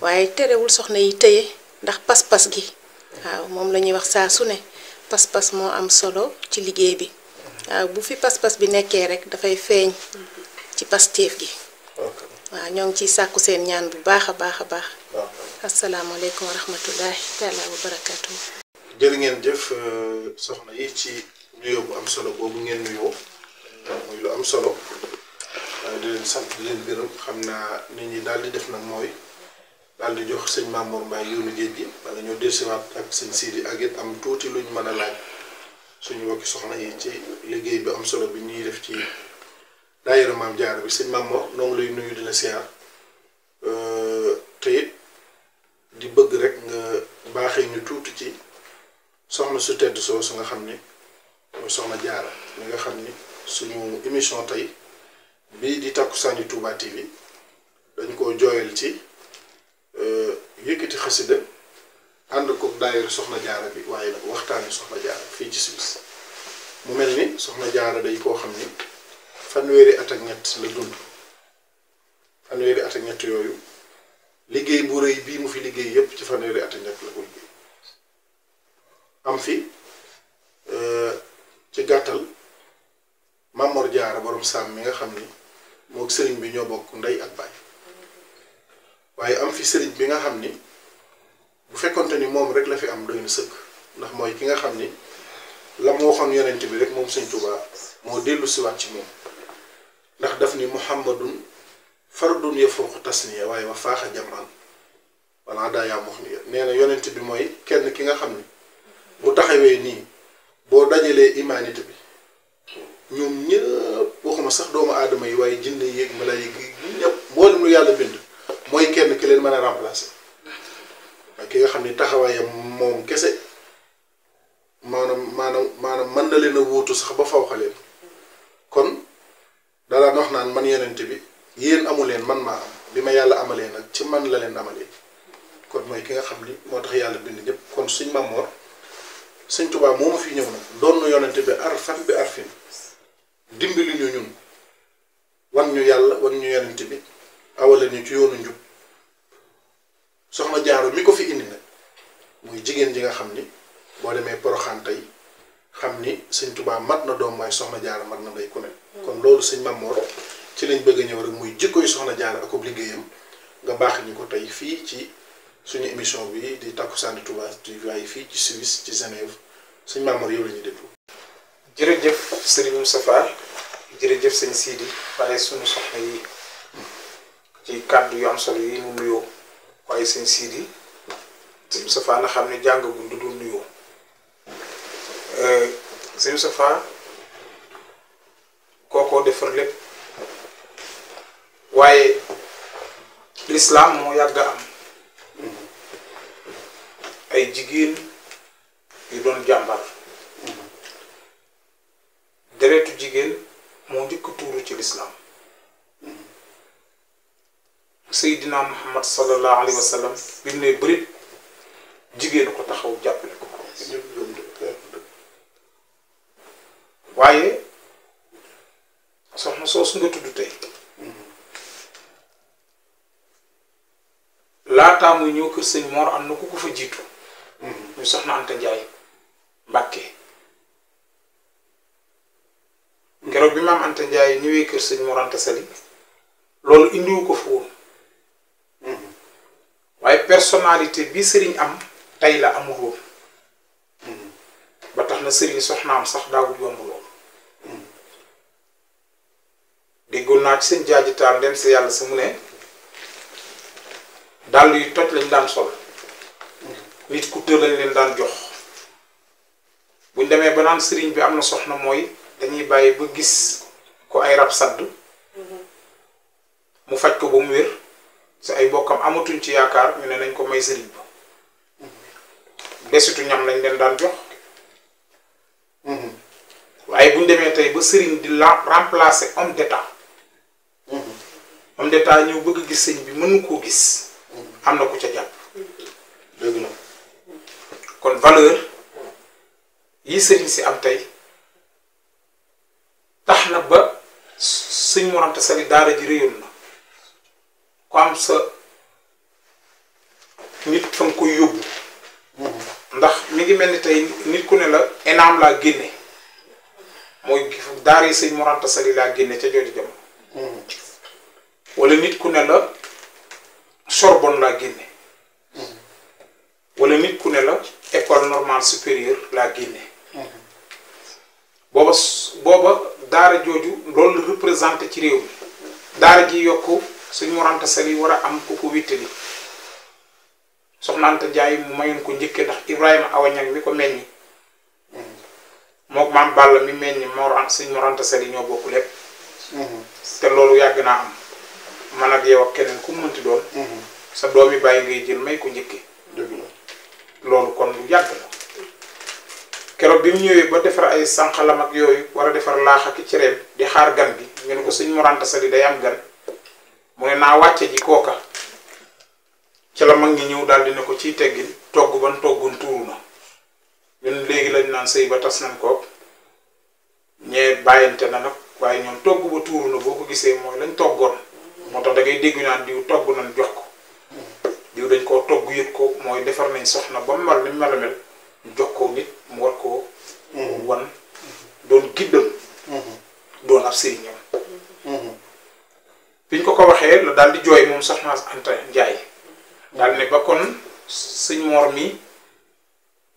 J: waaye terewul soxna yi tëye ndax pas-pas gi waaw moom la ñuy wax saa su ne pas-pas moo am solo ci liggéey bi waaw bu fi pas-pas bi nekkee rek dafay feeñ ci pastéef gi waaw ñoo ngi ciy sàkku seen ñaan bu baax a baax a baax asalaamaaleykum wa rahmatullahi taala wa barakaatu
D: jërë ngeen jëf euh, soxna yi ci nuyoo bu am solo boobu ngeen nuyoo euh, muy am solo euh, di leen sant leen gërëm xam naa nit ñi daal def nag mooy daal di jox sëñ Mamour Mbaye yoonu géej gi wala ñoo dellusiwaat ak sëñ Sidi ak it am tuuti lu ñu mën a laaj suñu wokki soxna yi ci liggéey bi am solo bi ñuy def ci daayira maam jaar bi sëñ Mamour noonu lay nuyu dina siyaar euh, te di bëgg rek nga baaxee ñu tuuti ci soxna su tedd soo su nga xam ni mooy soxna jaara mi nga xam ni suñu émission tey bii di takkusaani Touba TV dañ koo jooyal ci Euh, yëkkati xasida ànd ko daayira soxna jaara bi waaye nag waxtaani soxna jaara fii ci Suisse mu mel ni soxna jaara day koo xam ni fanweeri at ak ñett la dund fanweeri at ak ñett yooyu liggéey bu rëy bii mu fi liggéey yëpp ci fanweeri at ak ñett la ko liggéey am fi euh, ci gàttal Mamor Jaara borom sàmm mi nga xam ni moo sëriñ bi ñoo bokk ndey ak baay waaye am fi sëriñ bi nga xam ni bu fekkonte ni moom rek la fi am doyna na sëkk ndax mooy ki nga xam ni la mu waxoon yonent bi rek moom sëñ Tuubaa moo dellu siwaat ci moom ndax daf ni muhammadun fardun yafruqu tasniya waaye wa faaxa jamaan wala daa yaa wax ni nee na yonent bi mooy kenn ki nga xam ni bu taxawee nii boo dajalee imanité bi ñoom ñëpp waxuma sax doomu aadama yi waaye jinne yéeg mala yéeg ñëpp mboolem lu yàlla bind mooy kenn ki leen mën a remplacer waaye ki nga xam ni taxawaayam moom kese maanaam maanam maanaam man na leen a wuutu sax ba faw xaleen kon dalaan wax naan man yonent bi yéen amu leen man maa am bi ma yàlla amalee nag ci man la leen amalee kon mooy ki nga xam ni moo tax yàlla bind ñëpp kon suñ mamoor suñ tubaa moo ma fi ñëw nag doon yonent bi arfan bi arfin dimbali ñu ñun wan ñu yàlla wan ñu yonent bi awala ñu ci yoonu njub soxna jaaro mi ko fi indi nag muy jigéen ji nga xam ni boo demee poroxaan tey xam ni sëñ tubaa mat na doom waaye soxna jaaro mat na day ku ne kon loolu sëñ Mamoor ci lañ bëgg a ñëw rek muy jikkoy soxna jaaro akub liggéeyam nga baax ñu ko tey fii ci suñu émission bi di Takkusaani Touba TV fii ci Suisse ci Genève sëñ Mamoor yow la ñuy déglu jërëjëf sëriñ Moustapha jërëjëf sëñ Sidi
B: waaye suñu soxna yi ci kàddu yu am solo yi ñu nuyoo waaye seen siidi sëñ na xam ne jàng bu du dul nuyoo euh, sëñ Moustapha kookoo defar lépp waaye lislaam moo yàgg am ay jigéen yu doon jàmbar deretu jigéen moo njëkk tuuru ci lislaam Seydina Muhammad sallallahu alayhi wa sallam bi mu ne bërit jigéen ko taxaw jàppale ko waaye soxna soosu nga tudd tey laataa muy bi maam Anta Njaay ñëwee kër sëñ Mor Anta Sali loolu indiwu ko fa waaye personnalité bi sëriñ am tey la amul woon ba tax na sëriñ soxnaam sax daawul yomb lool déggoon naa ci seen jaajitaal dem si yàlla sa mu ne dàll yu toj lañ daan sol nit ku tër leen daan jox bu demee ba naan sëriñ bi am na soxna mooy dañuy bàyyi ba gis ko ay rab sadd mu faj ko ba wér sa ay bokkam amatuñ ci yaakaar ñu ne nañ ko may sëriñ ba desitu ñam lañ leen daan jox waaye buñ demee tey ba sëriñ di la remplacer homme d'état homme d'état ñëw bëgg gis sëñ bi mënu koo gis am na ku ca jàpp dëgg na kon valeur yi sëriñ si am tey tax na ba sëñ Mor Anta Sali daara ji réyoon na ku am sa nit fa koy yóbbu ndax mi ngi mel ni tey nit ku ne la enaam laa génne mooy daaree sëñ Mor Anta Sali laa génne ca jooju
F: jamono
B: wala nit ku ne la Sorbonne laa génne wala nit ku ne la école normale supérieure laa génne booba booba daara jooju loolu représenté ci réew mi daara ji yokku suñu moranta sali wara am ku ko wittali soxnaante jaay mu mayen ko njëkke ndax ibrahima awañag mi ko meññi mok maam balla mi meññi mor am suñu moranta sali ñoo bokk lépp te loolu yàgg naa am man ak yow ak keneen ku mënti doon sa doomi bàyyi ngay jël may ko njëkke loolu kon lu yàgg la keroog bi mu ñëwee ba defar ay sànqalam ak yooyu war a defar laax ak cereem di xaar gan bi ñu ko suñ moranta sali day am gan mu ne naa wàcce ji kooka ci la mag ñi ñëw daal di ne ko ci teggi togg ban toggun tuuru na ñun léegi lañ naan sëy ba tas nañ koog ñee bàyyante na nag waaye ñoom togg ba tuuru na boo ko gisee mooy lañ toggoon moo tax da ngay dégg diw togg nañ jox ko diw dañ koo togg yëg ko mooy defar nañ soxna ba mu ni mel mel jox ko nit mu war koo mhm. wan doon giddam mhm. doon ab sëriñam waxee la daal di jooy moom soxna Anta Ndiaye daal ne ba kon sëñ Mor mi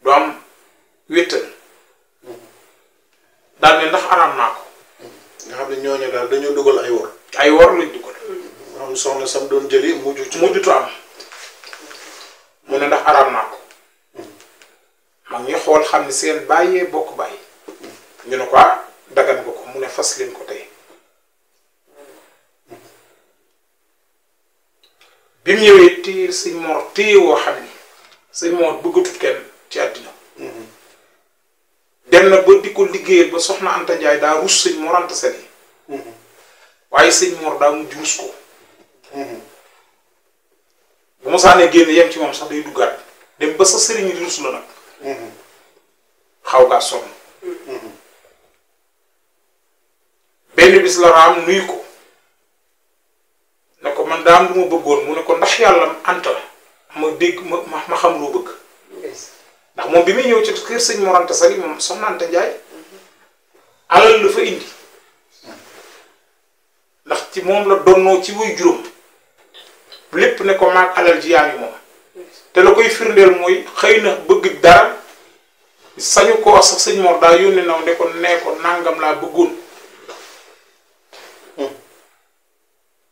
B: du am wéttal daal ne ndax araam naa ko.
D: nga xam ne ñooñu daal dañoo dugal ay wor.
B: ay wor lañ dugal. am
D: soxna sam doon jëli mujj. mujjutu am
B: mu ne ndax araam naa ko. mag ngi xool xam ne seen bàyyee bokk bàyyi. ñu ne ko ah, dagan nga ko mu ne fas leen ko tey. bi mu ñëwee téye sëñ Mor téye woo xam ni sëñ Mor bëggatut kenn ci àddina mhm. dem na ba di ko liggéeyal ba soxna Anta Ndiaye daa rus sëñ Mor Anta Sali mhm. waaye sëñ Mor daa mujj rus ko mhm. bu ma saanee génn yem ci moom sax day duggaat dem ba sa sëriñ di rus la nag xaw gaa sonn benn bis la raam nuy ko ne ko man daam lu ma bëggoon mu ne ko ndax yàlla anta ma dégg ma ma xam loo bëgg ndax moom bi may ñëw ci kër sëñ Mor Anta Sali moom soxna Anta Njaay alal la fa indi ndax ci moom la donnoo ci wuy juróom lépp ne ko maag alal ji yaa ngi moom te la koy firndeel mooy xëy na bëgg dara sañu ko wax sax sëñ Mor daa yónni naw ne ko nee ko nangam laa bëggoon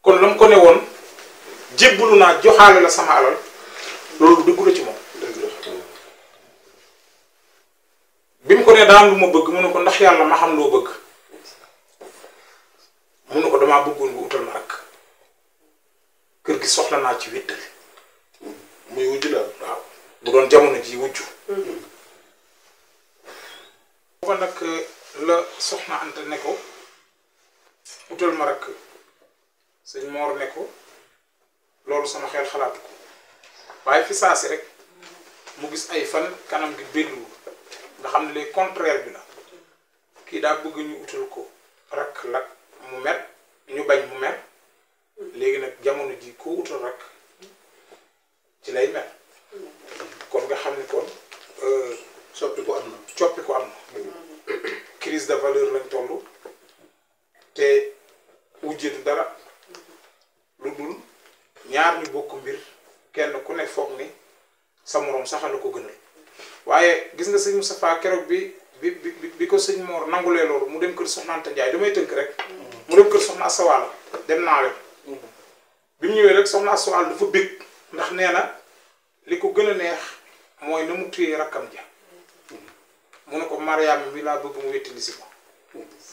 B: kon la mu ko ne woon jébbalu naa joxaale la sama alal loolu dëggu ci moom. bi mu ko ne daam lu ma bëgg mu ne ko ndax yàlla ma xam loo bëgg mu ne ko damaa bëggoon bu utal ma rakk kër gi soxla naa ci wéttal muy wujj la waaw bu doon jamono ji wujju mm-hmm. booba nag euh, la soxna Anta ne ko utal ma rekk sëñ Mor ne ko loolu sama xel xalaat ko waaye fi saasi rek mu gis ay fan kanam gi bellu nga xam ne les contraire bi la kii daa bëgg ñu utal ko rakk lak mu met ñu bañ mu met léegi nag jamono ji koo utal rakk ci lay met kon nga xam ne kon euh, soppi ko am na coppi ko am na mm-hmm. crise de valeur lañ toll te wujjeetu dara lu dul ñaar ñu bokk mbir kenn ku ne foog ni sa moroom saxala ko gënal waaye gis nga sëñ Moustapha keroog bi bi bi bi ko sëñ Mor nangu loolu mu dem kër Soxna Anta Ndiaye damay tënk rek. mu dem kër Soxna Asawaal dem naa leen. bi mu ñëwee rek Soxna Asawaal dafa bég ndax nee na li ko gën a neex mooy na mu téye rakkam ja mu ne ko Mariam mi laa bëgg mu wettali si ko.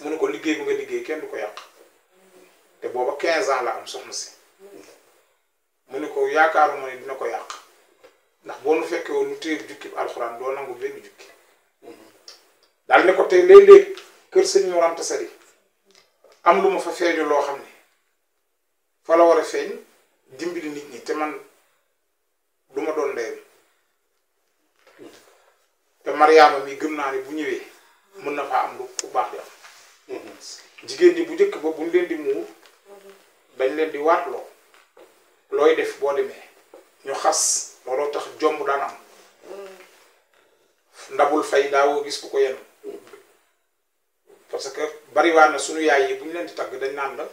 B: mu ne ko liggéey bu nga liggéey kenn du ko yàq te booba 15 ans la am soxna si. mu ne ko yaakaaruma ne dina ko yàq ndax boo nu fekkee woon lu téye jukki alxuraan doo nangu benn jukki daal ne ko tey léeg-léeg kër sëñ Mor Anta Sali am lu ma fa feeñu loo xam ne fa la war a feeñ dimbali nit ñi te man du doon ndeyam te Mariama mi gëm naa ne bu ñëwee mën na faa am lu bu baax di mhm. jigéen ñi bu njëkk boobu buñ leen di muur dañ leen di waatloo looy def boo demee ñu xas looloo tax jomb daan am ndabul fay daawoo gis ku ko yenn parce que bariwaan na suñu yaay yi bu ñu leen di tagg dañ naan la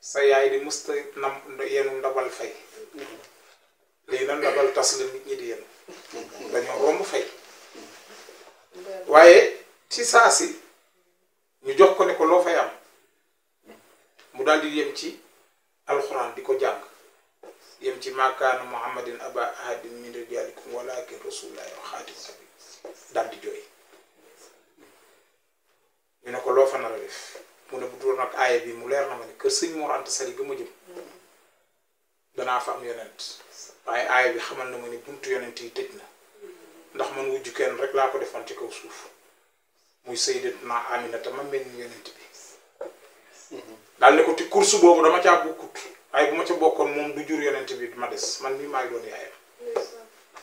B: sa yaay di musta nam yenu ndabal fay lii na ndabal tas la nit ñi di yenu dañoo romb fay waaye ci saa si ñu jox ko ne ko loo fay mu daal di yem ci alxuraan di ko jàng يمتي ما كان محمد أبا أحد من رجالكم ولكن رسول الله وخاتم أبي دارد جوي ينو كلو فانا رفيف مونا بدور نك آية بي مولير نماني كرسي مور أنت سالي جمو جم دانا فام يونت آية آية بي خمال نماني بنت يونتي تجنا ndax man wujju kenn rek laa ko defoon ci kaw suuf muy sayidatna aminata ma mel ni yonent bi mhm. daal ne ko waaye bu ma ca bokkoon moom du jur yonent bi ma des man mii maa ngi doon yaayam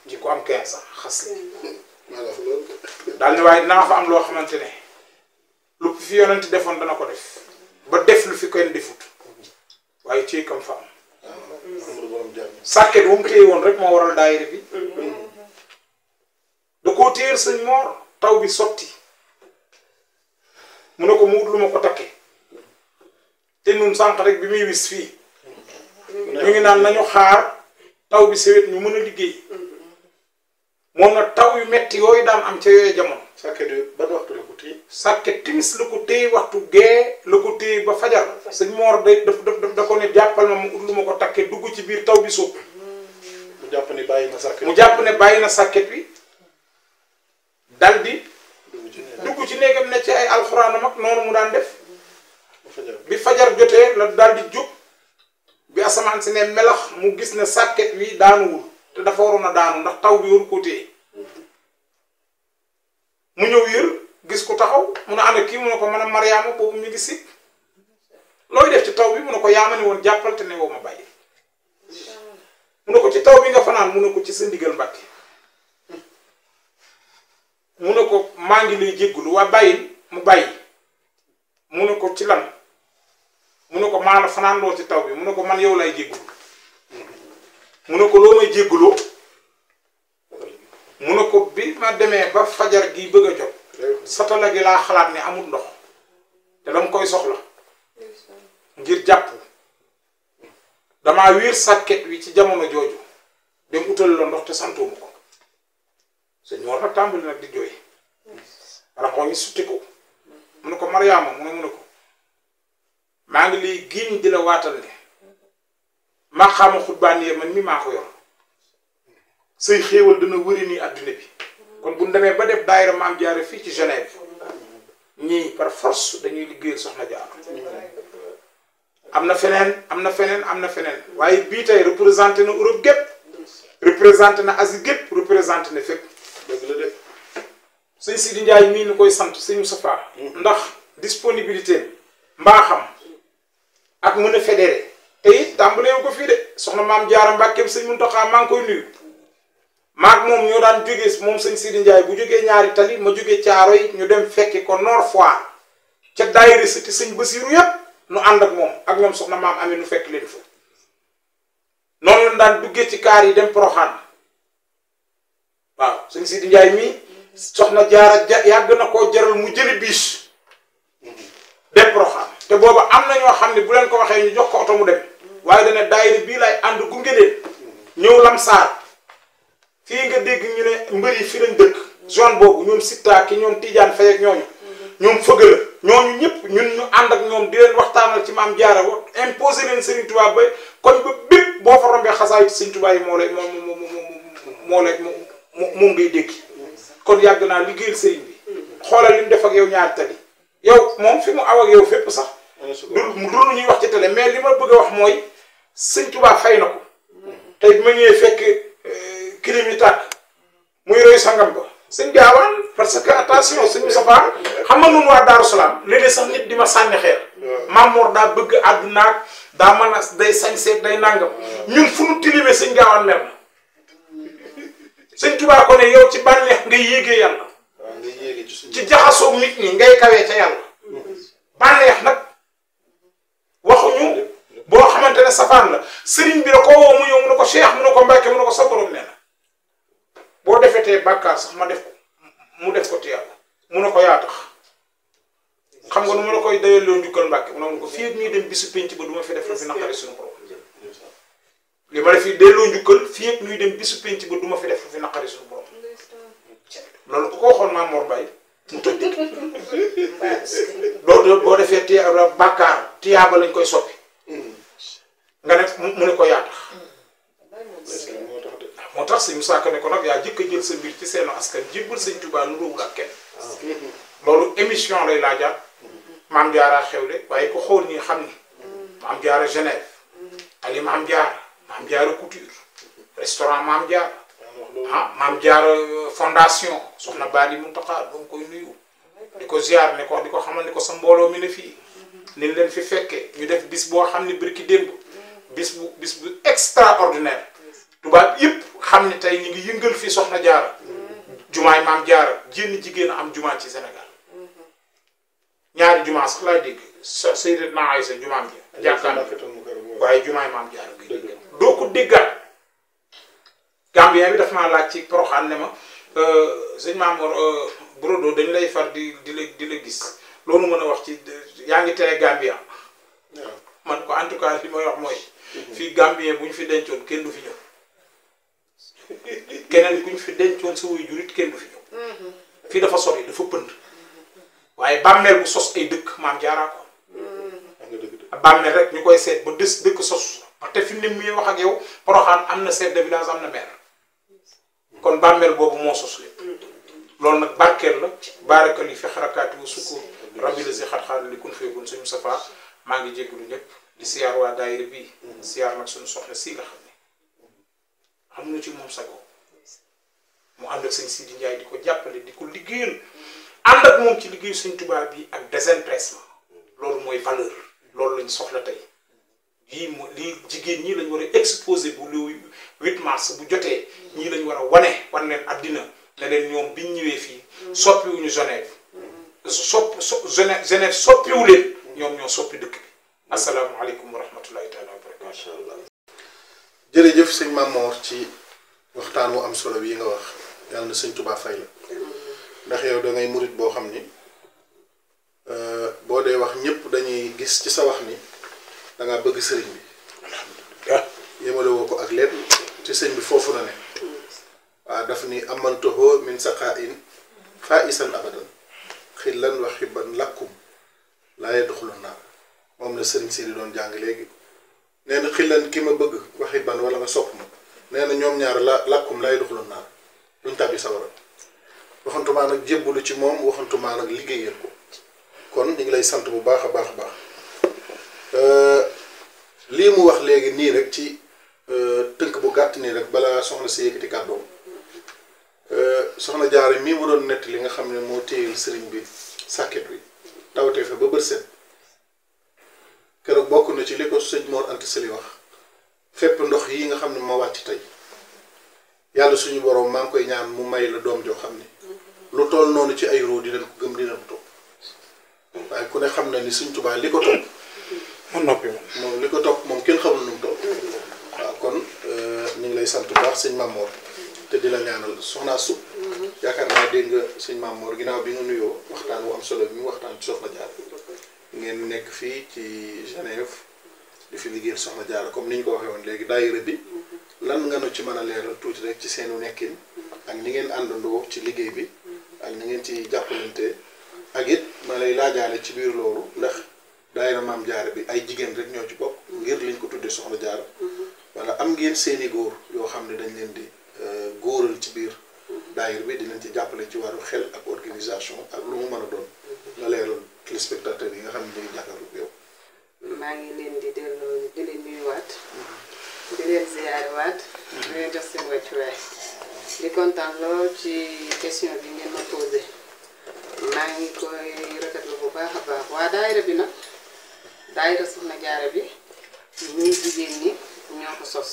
B: ji ko am 15 ans
D: xas la
B: daal ne waaye dinaa fa am loo xamante ne lu fi yonent defoon dana ko def ba def lu fi kenn defut waaye téye kam fa am sàkket bu mu téye woon rek moo waral daayira bi da koo téyeel sëñ moor taw bi sotti mu ne ko mu wut lu ma ko takke te nun sànq rek bi muy wis fii
F: ñu ngi naan nañu
B: xaar taw bi sewet ñu mën a liggéey moom na taw yu metti yooyu daan am ca yooyu jamono sakke de ban waxtu la ko téye sakke timis la ko téye waxtu gee la ko téye ba fajar sëñ moor day daf daf da ko ne jàppal ma mu ut lu ma ko takkee dugg ci biir taw bi suuf mu jàpp ne bàyyi na sàkket mu jàpp ne bàyyi na bi dal di dugg ci néegam ne ci ay alxuraanam ak noonu mu daan def bi fajar jotee la dal di jóg bi asamaan si ne melax mu gis ne sàkket wi daanuwul te dafa waroon a daanu ndax taw bi waru ko téye mu ñëw yër gis ko taxaw mun a ànd ak kii mun a ko mën a mariama boobu mi ngi si looy def ci taw bi mun a ko yaama woon jàppal ne woo ma bàyyi ko ci taw bi nga fanaan mun na ko ci sa ndigal mbàkke mun na ko maa ngi lay jéggulu waa bàyyi mu bàyyi mun na ko ci lan mu ne ko maa la fanaan ci taw bi mu na ko man yow lay jéggul mu ne ko loo may jégguloo mu ne ko bi ma demee ba fajar gi bëgg a jot satala gi laa xalaat ni amul ndox te dama koy soxla ngir jàpp dama wiir sàkket wi ci jamono jooju dem utal la ndox te santooma ko sëñ war na tàmbali nag di jooy raxoo yi sutti ko mu ne ko Mariama mu ne mu ne ko maa ngi lay giñ di la waatal ne ma xaama xutbaan yee man mi maa ko yor say xéewal dana wëri nii adduna bi kon bu demee ba def daayira maam jaare fii ci Genève ñii par force dañuy liggéey soxla jaar am na feneen am na feneen am na feneen waaye bii tey représenté na Europe gépp représenté na Asie gépp représenté na fépp dëgg la de sëñ koy sant sëñu Safa mm. ndax disponibilité mbaaxam ak mën a fédéré te it tàmbalee ko fii de soxna maam Jaara Mbàkke sëñ Muntaxa maa ngi koy nuyu maag moom ñoo daan jógee moom sëñ Sidi Ndiaye bu jógee ñaari tali ma jógee caaro yi ñu dem fekki ko Nord Foire ca daayira sëti sëñ Basiiru yépp nu ànd ak moom ak ñoom soxna maam amee nu fekk leen fa noonu lañ daan duggee ci kaar yi dem Poroxaan waaw sëñ Sidi mii soxna jaara ja yàgg na ko jaral mu jëli biis dem Poroxaan te booba am na ñoo xam ne bu leen ko waxee ñu jox ko oto mu dem waaye dana day bii lay ànd gunge leen ñëw lamsaar fii nga dégg ñu ne mbër yi fi lañ dëkk zone boobu ñoom Sitta ki ñoom Tidiane Faye ak ñooñu ñoom fëgga ñooñu ñëpp ñun ñu ànd ak ñoom di leen waxtaanal ci maam jaara wa imposé leen Serigne Touba ba kon ba bépp boo fa rombee xasaay Serigne Touba yi moo lay moo moo moo lay moom ngay dégg kon yàgg naa liggéeyal Serigne bi xoolal li mu def ak yow ñaar tali yow moom du loolu ñuy wax ci télé mais li ma bëgg a wax mooy sëñ Tuubaa fay na ko tey ma ñëwee fekk euh, kilim yi tàkk muy roy sangam ba sëñ parce que attention sëñ Moustapha xam nga nun waa Daaru Salaam léeg-léeg sax nit di ma sànni xeer Mamour daa daa mën day sañseeg day nangam na sëñ Tuubaa ko ne yow ci bànneex ngay yéegee yàlla ci jaxasoog nit ñi ngay kawee ca yàlla mm-hmm. waxuñu boo xamante ne safaan la sëriñ bi la koo woo mu ñëw mu ko cheikh mu ne ko mbàkke mu ne ko sa borom boo defetee bàkkaar sax ma def ko mu def ko ci yàlla mu ne ko yaa xam nga nu ma la koy dayaloo njukkal mbàkke mu ne mun ko ñuy dem bisu pénc ba du ma fi def la fi naqari suñu borom li ma fi delloo njukkal fii ak ñuy du ma fi def la fi naqari suñu borom loolu ku ko waxoon maam Mor Mbaye loolu boo defee tiyaaba bàkkaar tiyaaba lañ koy soppi nga ne mu ne ko yaa ah, moo tax si Musaa Ka ne ko nag yaa jëkk a jël sa mbir ci seen askan jébbal Sëñ Tuubaa lu dul ak kenn loolu émission lay laajaat maam Jaara xewle waaye ko xool nii xam ni maam Jaara Genève ali maam Jaara maam Jaara couture restaurant maam Jaara mam jaar euh, fondation soxna Bali muntaka doon koy nuyu di ziar ne ko di xamal ni ko sa mbolo mi ne fi ni len fi fekke ñu def bis bo xamni ne birki démb bis bu bis bu extraordinaire tuba yep xamni tay ñi ngi yëngal fi soxna jaar jumaay am juma ci senegal ñaari Nyari sax laa dégg sa Seydina Aysa jumaam ji ko waye jumaay maam jaara do ko degga Gambien bi daf maa laaj ci Porokhane ne ma euh, sëñ Mamour euh, Brodo dañ lay far di di la di la gis loolu mën a wax ci yaa ngi tere Gambien. man ko en tout cas li may wax mooy. Mm-hmm. fii Gambien bu ñu fi dencoon kenn du fi ñëw. *laughs* keneen fi dencoon sa wuy kenn du fi
F: mm-hmm.
B: fii dafa sori dafa pënd. waaye bàmmeel bu sos ay dëkk maam jaaraa ko. Mm-hmm. bàmmeel rek ñu koy seet ba dës dëkk sos ba te fi mu ne ak yow Porokhane am na chef de village am na kon bàmmeel boobu moo sos lépp loolu nag barkeel la baarakal yi fi xarakaati wu sukkur rabbi la si xat-xaar li kun feegun suñu safaa maa ngi jégalu ñëpp di siyaar waa daayira bii siyaar nag suñu soxna si nga xam ne xam na ci moom sago mu ànd ak sëñ Sidi Ndiaye di ko jàppale di ko liggéeyal ànd ak moom ci liggéey suñ tubaab bi ak désintéressement loolu mooy valeur loolu lañ soxla tey lii moo lii jigéen ñii lañ war a exposé bu lu 8 mars bu jotee ñii lañ war a wane wan leen àddina ne leen ñoom biñ ñëwee fii soppiwuñu Genève sopp so Genève Genève soppiwu leen ñoom ñoo soppi dëkk bi asalaamaaleykum wa rahmatullahi
D: taala wa barakatu macha allah jërëjëf sëñ ci waxtaan wu am solo yi nga wax yàlla na sëñ Tuubaa fay la ndax yow da ngay murit boo xam ni euh, boo dee wax ñëpp dañuy gis ci sa wax ni da ngaa bëgg sëriñ bi alhamdulilah ko ak lépp ci sëñ bi foofu na ne waaw daf ni amantohoo min saqaa in faa isan abadan xillan wa xibban lakkum laa yadxulu naar moom la sëriñ si di doon jàng léegi nee na xillan ki ma bëgg wa xibban wala nga sopp na ñoom ñaar la lakkum laa yadxulu naar duñ tàbbi sawara waxantumaa nag jébbalu ci moom waxantumaa nag liggéeyal ko kon ñu ngi lay sant bu baax a baax a baax euh, lii mu wax léegi nii rek ci euh, tënk bu gàtt nii rek balaa soxna si yëkkati kàddoom euh, soxna jaara mii mu doon nett li nga xam ne moo téyel sëriñ bi sàkket wi tawte fa ba bër set keroog bokk na ci li ko sëñ Mor Anta wax fépp ndox yi nga xam ne ma wàcc tey yàlla suñu borom maa ngi koy ñaan mu may la doom joo xam ne lu toll noonu ci ay roo di leen ko gëm di leen ko topp waaye ku ne xam na ni suñ Tuubaa li ko topp man noppi moom li ko topp moom kenn xamul nu mu waaw kon euh, ñu ngi lay sant bu baax sëñ Mamour te di la ñaanal soxnaa su. Mm-hmm. yaakaar naa dégg nga sëñ Mamour ginnaaw bi nga nuyoo waxtaan wu am solo bi mu waxtaan ci soxna jaar ngeen nekk fii ci Genève di fi liggéeyal soxna jaar comme ni ñu ko waxee woon léegi daayira bi mm-hmm. lan nga nu ci mën a leer tuuti rek ci seenu nekkin ak ni ngeen àndandoo ci liggéey bi mm-hmm. ak ni ngeen ci jàppalante ak it ma lay laajaale ci biir loolu ndax. daayira maam jaara bi ay jigéen rek ñoo ci bokk. ngir liñ ko tuddee soxna jaara wala am ngeen seeni góor yoo xam ne dañ leen di euh, góoral ci biir. daayira bi dinañ ci jàppale ci wàllu xel ak organisation ak lu mu mën a doon. nga leeral yi nga xam ne ñu ngi jàkkaarloo
I: maa ngi leen di delloo di leen nuyuwaat. di kontaan lool ci question bi ngeen ma posé. maa ngi koy rafetlu bu baax a baax waa daayira bi nag. daayira Soxna Jaara bi ñun jigéen ñi ñoo ko sos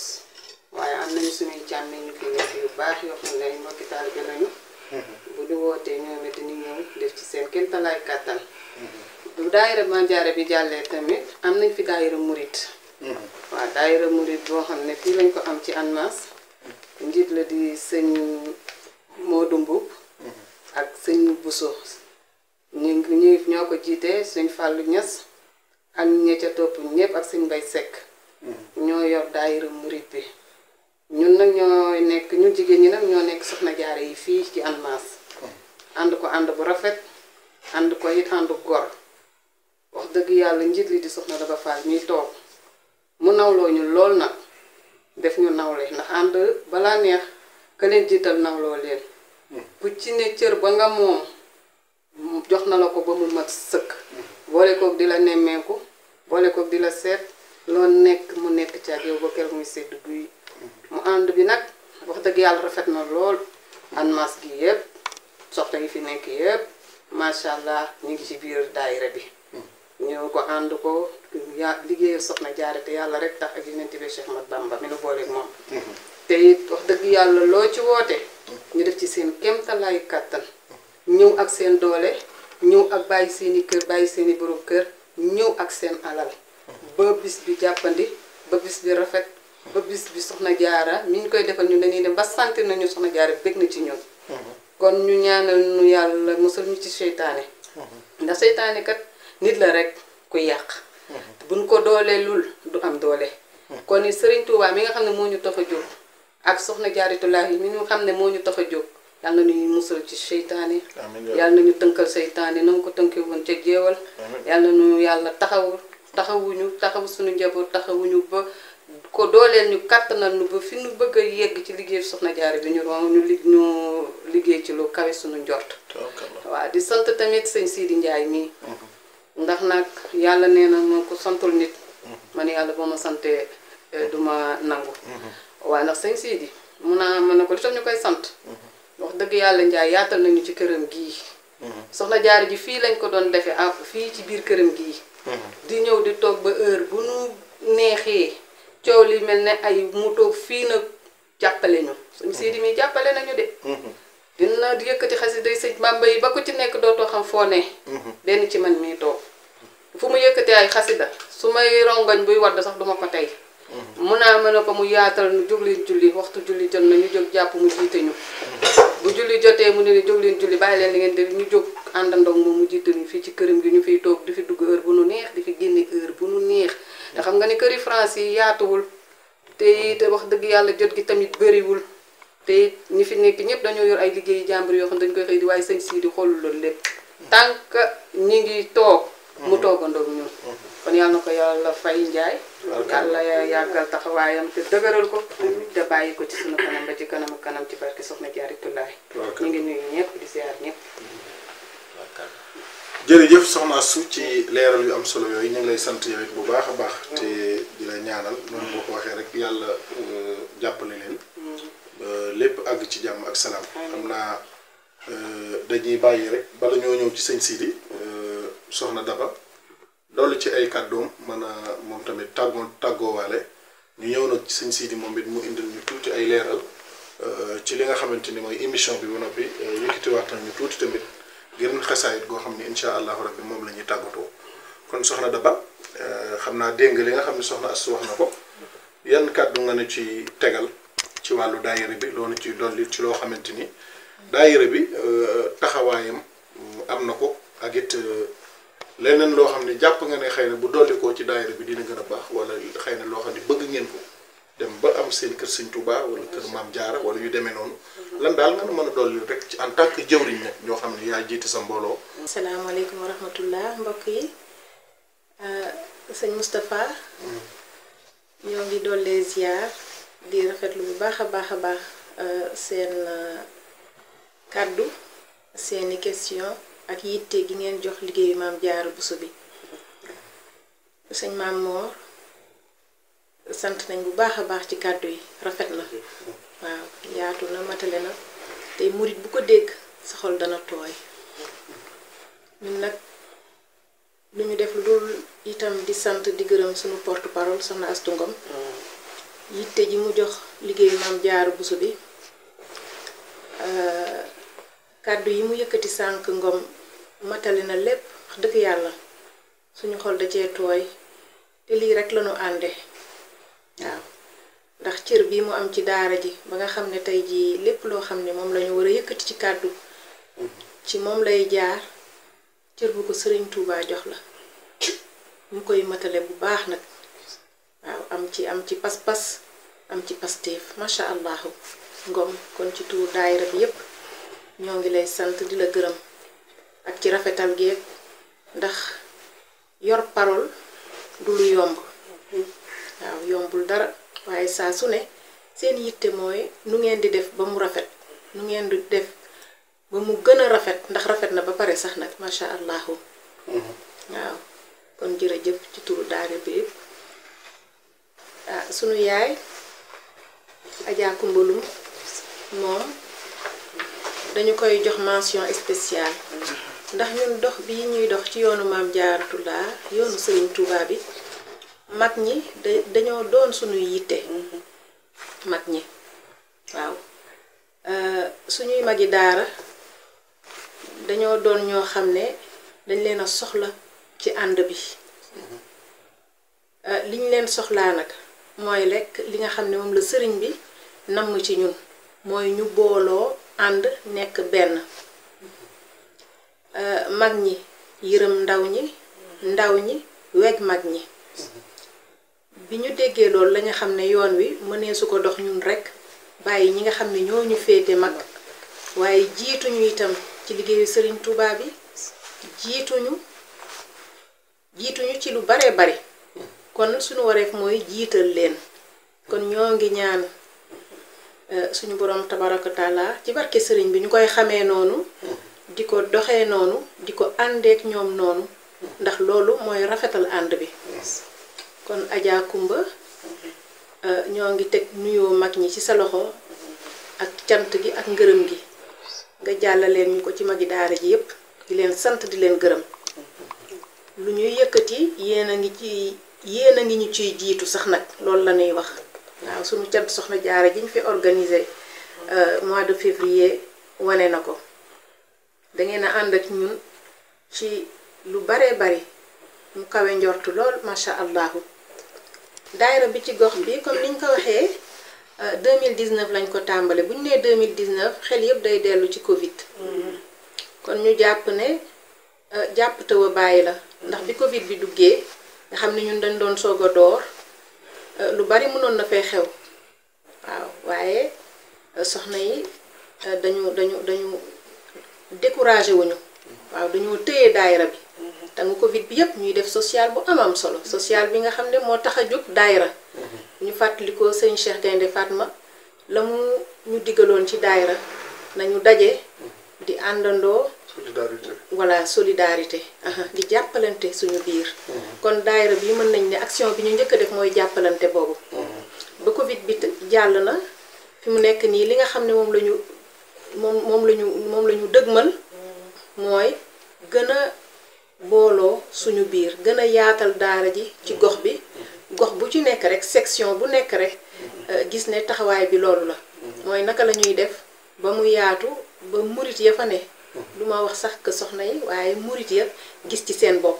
I: waaye am nañu suñuy càmmee ñu fi nekk yu baax yoo xam ne ay mbokki taalibe lañu mhm. bu ñu wootee ñoom it ñu ñëw def ci seen kéem talaay kàttan mhm. bu daayira Maam bi jàllee tamit am nañ fi daayira murit mhm. waaw daayira murit boo xam ne fii lañ ko am ci anmas njiit la di sëñ Modou Mboup ak sëñ Bousso ñu ngi ñoo ko jiitee sëñ Fallou Niass ak ña ca topp ñëpp ak siñ bay sekk mm-hmm. ñoo yor daayira murit bi ñun nag ñoo nekk ñu jigéen ñi nag ñoo nekk soxna jaare yi fii ci Anmaas oh. ànd ko ànd bu rafet ànd ko it ànd gor wax dëgg yàlla njiit li di soxna dafa faal ñuy toog mu nawloo ñu lool nag def ñu nawle ndax ànd balaa neex ka leen jiital nawloo leen mm. ku ci ne cër ba nga moom jox na la ko ba mu mat sëkk mm. boole koog di la nemmeeku boole koog di la seet loo nekk mu nekk ci ak yow ba keroog muy sedd guy mu ànd bi nag wax dëgg yàlla rafet na lool anmas gi yëpp soxna yi fi nekk yëpp macha allah ñu ngi ci biir daayira bi. ñoo ko ànd ko ya liggéeyal soxna jaare yàlla rek tax ak yonent bi Cheikh Ahmad Bamba mi nu booleeg moom. te wax dëgg yàlla loo ci woote. ñu def ci seen kéemtalaayu kàttan ñëw ak seen doole. ñëw ak bàyyi seen i kër bàyyi seen i borom kër ñëw ak seen alal ba bis bi jàppandi ba bis bi rafet ba bis bi na jaara mi ngi koy defal ñu dañuy dem ba sentir nañu soxna jaara bég na ci ñun mhm. kon ñu ñaanal ñu yàlla musal ñu ci seytaane mhm. ndax seytaane kat nit la rek ku yàq mhm. buñ ko doolee lul du am doole kon Serigne Touba mi nga xam ne moo ñu tax a jóg ak na soxna laa mi ñu xam ne moo ñu tax a jóg yal na ñuy musal ci seytaane yal nañu tënkal seytaane na mu ko tënkee woon ca géewal yal na yàlla taxawu taxawuñu taxaw suñu njaboot taxawuñu ba ko dooleel ñu na nu ba fi ñu bëgg a yegg ci liggéey soxna jaare bi ñu rom ñu li ñu liggéey ci lu kawe suñu njort waaw di sant tamit sëñ Sidi Ndiaye mii
F: mm-hmm.
I: ndax nag yàlla nee na moo ko santul nit mm-hmm. man yàlla ba ma santee eh, mm-hmm. duma nangu waaw ndax sëñ Sidi mun naa mën na ko li tax ñu koy sant wax dëgg yàlla Ndiaye yaatal nañu ci këram gii. Mhm. soxna jaari ji fii lañ ko doon defee ah fii ci biir këram gii. Mhm. di ñëw di toog ba heure bu nu neexee coow li mel ne ay mu toog fii nag jàppale ñu suñ mhm. siidi mi jàppale nañu de. dina yëkkati xasida yi sëñ Bamba yi ba ko ci nekk dootoo xam foo ne. denn ci man mii toog fu mu yëkkati ay xasida su may rongoñ buy wadd sax duma ko tey. mu naa mën a ko mu yaatal nu jóg leen julli waxtu julli jot na ñu jóg jàpp mu jiite bu julli jotee mu ne ni jóg leen julli bàyyi leen li ngeen di ñu jóg àndandoo moom mu jiite ñu fii ci këram gi ñu fiy toog di fi dugg heure bu nu neex di fi génne heure bu nu neex te xam nga ni këri France yi yaatuwul te it wax dëgg yàlla jot gi tamit bëriwul te it ñi fi nekk ñëpp dañoo yor ay liggéeyu jàmbur yoo xam dañ koy xëy di waaye sëñ sii di xoolul loolu lépp tant ñi ngi toog mu toogandoog ñun kon yàlla na ko fay njaay yàlla yàggal taxawaayam te dëgëral ko te bàyyi ko ci sunu kanam ba ci kanam ak kanam ci barke soxna jaaritullahi ñu ngi nuyu ñëpp di ziar ñëpp
D: jërëjëf soxna su ci leeral yu am solo yooyu ñu ngi lay sant yow bu baax a baax mm. te di la ñaanal noonu boo ko waxee rek yàlla euh, jàppale leen mm. ba lépp àgg ci jàmm ak salaam xam naa euh, dañuy bàyyi rek bala ñoo ñëw ci sëñ Sidi euh, soxna Daba loolu ci ay kàddoom mën a moom tamit tàggoo tàggoowaale ñu ñëw nag sëñ Sidi moom it mu indi ñu tuuti ay leeral euh, ci li nga xamante ni mooy émission bi ba noppi euh, yëkkatiwaat na ñu tuuti tamit gën xasaayit goo xam ni incha allahu bi moom la ñuy tàggatoo kon soxla Daba euh, xam naa dégg li nga xam ne soxna Astou wax na ko yan kàddu nga ne ci tegal ci wàllu daayira bi loolu ci dolli ci loo xamante ni daayira bi taxawaayam mm, am na ko ak it. leneen loo xam ne jàpp nga ne xëy na bu ko ci daayira bi dina gën a baax wala xëy na loo xam ne bëgg ngeen ko dem ba am seen kër sëñ Touba wala kër maam Jaara wala yu demee noonu lan daal nga mën a dolli rek ci en tant que jëwriñ nag ñoo xam ne yaa jiite sa mbooloo.
J: asalaamaaleykum wa rahmatullah mbokk yi euh, sëñ mustapha hmm. ñoo ngi dollee ziar di rafetlu bu baax a baax a baax euh, seen euh, kàddu seeni question ak yitte gi ngeen jox liggéeyu maam Jaara Buso bi sëñ maam Moor sant nañ bu baax a baax ci kàddu yi rafet na waaw yaatu na matale na tey murit bu ko dégg sa xol dana tooy ñun nag lu ñu def lu dul itam di sant di gërëm suñu porte parole soxna Astu Ngom yitte ji mu jox liggéeyu maam Jaara Buso bi kàddu yi mu yëkkati sànq Ngom matali na lépp wax dëgg yàlla suñu xol da cee tooy te lii rek lañu ànde waaw ndax cër bii mu am ci daara ji ba nga xam ne tey jii lépp loo xam ne moom lañu war a yëkkati ci kàddu ci moom lay jaar cër bu ko sëriñ Touba jox la mu koy matale bu baax nag waaw am ci am ci pas-pas am ci pastéef macha allahu ngom kon ci tuur daayira bi yépp ñoo ngi lay sant di la gërëm ak ci rafetal géeg ndax yor parole du lu yomb waaw yombul dara waaye saa su ne seen yitte mooy nu ngeen di def ba mu rafet nu ngeen di def ba mu gën a rafet ndax rafet na ba pare sax nag macha allahu waaw kon jërëjëf ci turu daara bi yëpp ah sunu yaay Adja Kumbalum moom dañu koy jox mention spéciale ndax ñun dox bi ñuy dox ci yoonu maam jaaratullaa yoonu sëriñ Touba yi mag ñi dañoo doon suñuy yitte mag ñi waaw euh, suñuy magi daara dañoo doon ñoo xam ne dañ leen a soxla ci ànd bi euh, liñ leen soxlaa nag mooy lekk li nga xam ne moom la sëriñ bi namm ci ñun mooy ñu booloo ànd nekk benn Euh, mag ñi yërëm ndaw ñi ndaw ñi weg mag ñi bi ñu déggee loolu lañu xam ne yoon wi mënee su ko dox ñun rekk bàyyi ñi nga xam ne ñoo ñu féete mag waaye jiituñu itam ci liggéeyu Sëriñ Tuubaa bi jiituñu jiituñu ci lu bare bari kon suñu wareef mooy jiital leen kon ñoo ngi ñaan euh, suñu borom tabaraka taala ci barke sëriñ bi ñu koy xamee noonu di ko doxe noonu di ko àndeek ñoom noonu ndax loolu mooy rafetal ànd bi kon ajaa Kumba euh, ñoo ngi teg nuyoo mag ñi ci sa loxo ak cant gi ak ngërëm gi nga jàllaleen ñu ko ci magi daara ji yépp di leen sant di leen gërëm lu ñuy yëkkati yéen a ngi ci yéen a ngi ñu ciy jiitu sax nag loolu la ñuy wax waaw sunu cant soxna jaara ji ñu fi organisé euh, mois de février wane na ko dangeen a ànd ak ñun ci lu baree bari mu kawe njortu lool macha allahu daayira bi ci gox bi comme niñ ko waxee 2019 euh, lañ ko tàmbale bu ñu nee 2019 xel yëpp day dellu ci Covid. Mm-hmm. kon ñu jàpp ne euh, jàpp tëw a bàyyi la. Mm-hmm. ndax bi Covid bi duggee nga xam ne ñun dañ doon soog a door euh, lu bari mënoon na fay xew waaw waaye soxna yi dañu dañu dañu. découragé wuñu waaw dañoo téye daayira bi te nga Covid bi yëpp ñuy def social bu am am solo social bi nga xam ne moo tax a jóg daayira ñu fàttali ko sëñ Cheikh Gaynde Fatma la mu ñu digaloon ci daayira nañu daje di àndandoo. solidarité voilà solidarité. di jàppalante suñu biir. kon daayira bi mën nañ ni action bi ñu njëkk a def mooy jàppalante boobu. ba Covid bi jàll na fi mu nekk nii li nga xam ne moom la moom moom lañu moom la ñu dëgmal mooy gën a booloo suñu biir gën a yaatal daara ji ci gox bi gox bu ci nekk rek section bu nekk rek euh, gis ne taxawaay bi loolu la mooy naka la ñuy def ba mu yaatu ba murit ya fa ne du ma wax sax que soxna yi waaye murit ya gis ci seen bopp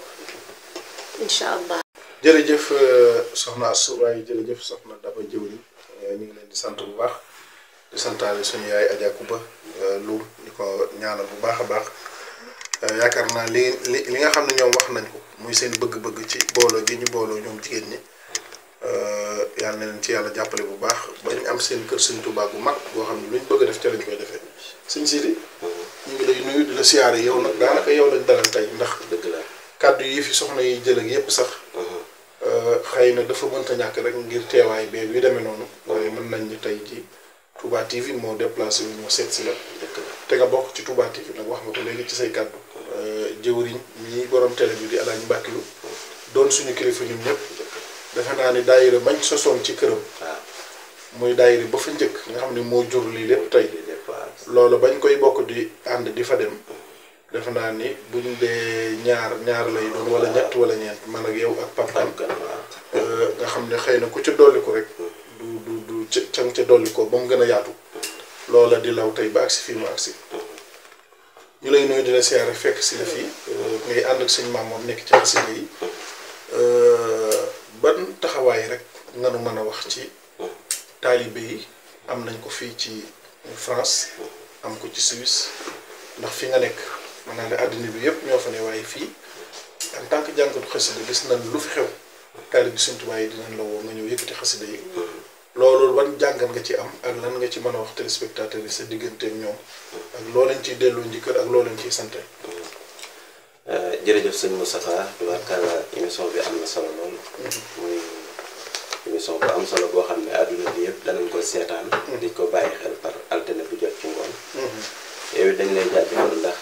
J: incha allah
D: jërëjëf euh, soxna Assoulaye jërëjëf soxna Daba Diawri euh, ñu ngi leen di sant bu baax di santaale suñu yaay Adja Euh, lu ñu ko ñaanal bu baax a baax euh, yaakaar naa li li li nga xam ne ñoom wax nañ ko muy seen bëgg-bëgg ci booloo gi ñu booloo ñoom jigéen ñi euh, yàlla na leen ci yàlla jàppale bu baax ba ñu am seen kër Sëñ Tuubaa bu mag boo xam ne luñ bëgg def ca lañ koy defee sëñ Sidi mhm. ñu ngi lay di la siyaare yow nag daanaka yow lañ dalal tey ndax dëgg la kàddu yi fi soxna yi jël ak yépp sax mhm. xëy na dafa mënta ñàkk rek ngir teewaay bee yu demee noonu mhm. waaye mën nañ ñu tey ji Touba TV moo déplacé wu ñoo seet si la te nga bokk ci Touba TV nag wax nga ko léegi ci say kàddu euh, jëwriñ ñi borom télé bi di Alaaji Mbàkkilu doon suñu kilifa ñun ñëpp defe naa ni daayira bañ sosoon ci këram ah. muy daayira ba fa njëkk nga xam ne moo jur lii lépp tey loolu bañ koy bokk di ànd di fa dem defe naa ni buñ dee ñaar ñaar lay doon wala ñett wala ñeent man ak yow ak papam euh, nga xam ne xëy na ku ci dolli ko rek hmm. ca ca nga dolli ko ba mu gën a yaatu loola di law tey ba agsi fii mu agsi ñu lay nuyu di la siyaare fekk si la fii euh, ngay ànd ak sëñ maam moom nekk ci xasida yi euh, ban taxawaay rek nga nu mën a wax ci taalibe yi am nañ ko fii ci France am ko ci Suisse ndax fi nga nekk naa ne àddina bi yëpp ñoo fa ne waaye fii en tant que jàngatu xasida gis nañ lu fi xew taalibe Sëñ Tuubaa yi dinañ la woo nga ñëw yëkkati xasida yi loolu ban jàngat nga ci am ak lan nga ci mën a wax téléspectateurs yi sa diggante ak ñoom ak loo leen ciy delloo njëkkër ak loo leen ciy sant. Euh, jërëjëf sëñ Moustapha tubaarkàlla émission bi am na solo lool. Mm-hmm. muy
G: émission bu am solo boo xam ne àdduna bi yëpp danañ ko seetaan. mu mm-hmm. di ko bàyyi xel par altine bu jot ci ngoon. Mm-hmm. yooyu dañ lay jaajëfal ndax.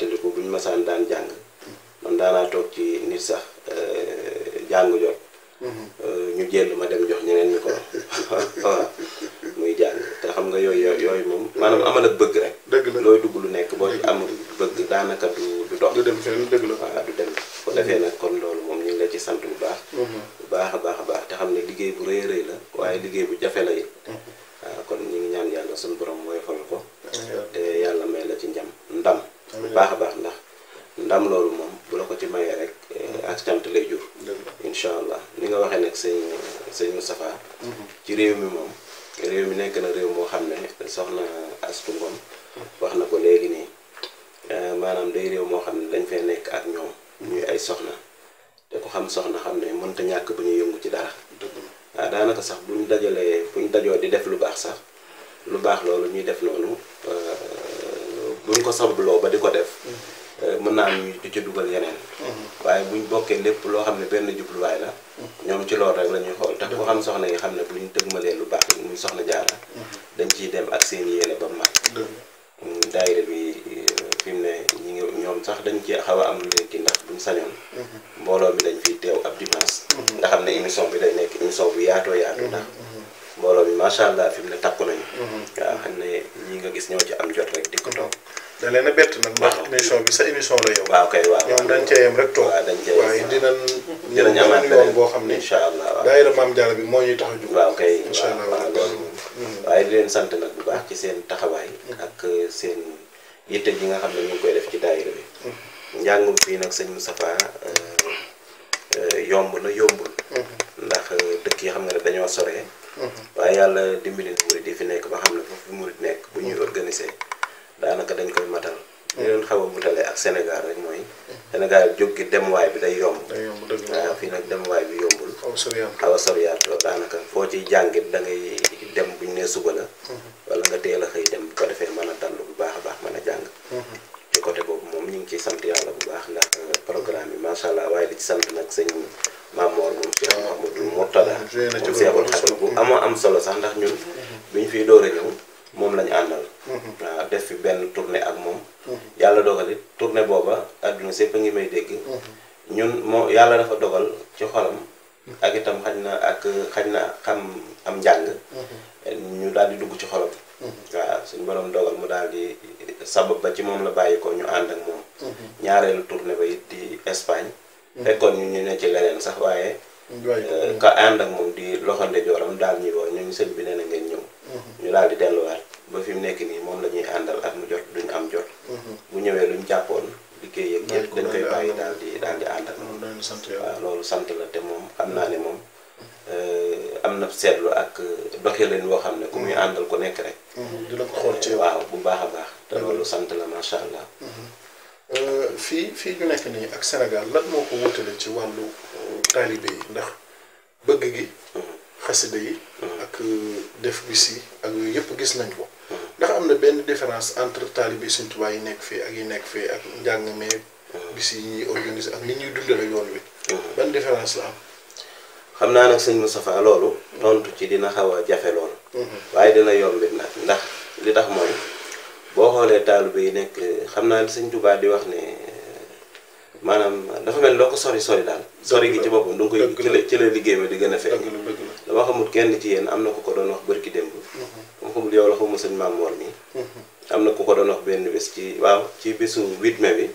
G: fàttaliku buñ masaan daan jàng dañ cee yem rek toog waaw dinañ ñëw ñaman yoon boo xam ne incha allah daayira maam Jaara bi moo ñuy tax a jóg waaw kay incha allah waaye di leen sant nag bu baax ci seen taxawaay mm-hmm. ak euh, seen yitte gi nga xam ne ñu ngi koy def ci daayira bi mm-hmm. njàngum fii nag sëñ Moustapha euh, euh, yomb na yombul mm-hmm. ndax dëkk yi xam nga ne dañoo soree waaye yàlla dimbali murid yi fi nekk ba xam ne foofu murid nekk bu ñuy organiser daanaka dañ koy matal li leen xaw a mutale ak Sénégal rek Sénégal jóg gi demuwaay bi day yomb. day yomb dëgg la ah, fii nag demuwaay bi yombul. aw soriyaat aw soriyaat daanaka foo ciy jàngit dem bu ñu nee suba la. Mhm. wala nga teel a xëy dem bu ko defee mën a dal bu baax a baax mën a jàng. Mhm. ci boobu moom ñu ngi ciy sant yàlla baax ndax euh, programme yi macha allah waaye di ci sant nag sëñ Mamor moom Cheikh ah, Mouhamadou Mourtada. mu seexul xatal bu amoo am solo sax ndax ñun. Mhm. bi ñu fiy door a ak xaj na xam am njàng.
F: Mm-hmm.
G: ñu daal di dugg ci xolam. Mm-hmm. waaw suñu borom dogal mu daal di sabab ba ci moom la bàyyi ko ñu ànd ak moom. Mm-hmm. ñaareelu tournée ba it di Espagne. fekkoon ñu ñu ne ci leneen sax waaye. Euh, ka ànd ak moom di loxo ndeyjooram daal ñuy woo ñun sëñ bi nee na ngeen ñëw. ñu daal delluwaat. jëlin boo xam ne ku muy àndal ko nekk rek. Mhm, dina ko xool ci waaw bu baax a baax. te sant la macha allah.
F: Mhm.
D: Euh, fii fii ñu nekk nii ak Sénégal lan moo ko wutale ci wàllu euh, taalibe yi ndax bëgg gi. Mhm. xasida yi. ak euh, def bis yi ak yooyu yëpp gis nañ ko. ndax am na benn différence entre taalibe Sëñ Tuubaa yi nekk fii ak yi nekk fii ak
G: njàng meeg. bis yi organise organiser ak li ñuy dundale yoon wi. ban différence la am. xam naa nag sëñ Moustapha loolu tontu ci dina xaw a jafe loolu mhm. waaye dina yombit nag ndax li tax mooy boo xoolee taalibe yi nekk xam naa li sëñ Tuubaa di wax ne maanaam dafa mel loo ko sori sori daal sori gi ci boppam du nga koy ci la ci la liggéey ma di gën a feeñ dama xamul kenn ci yéen am na ko ko doon wax bërki démb dama mhm. xamul yow la xamul Maam Mor mi mhm. am na ku ko doon wax benn bés ci waaw ci bésu 8 mai bi.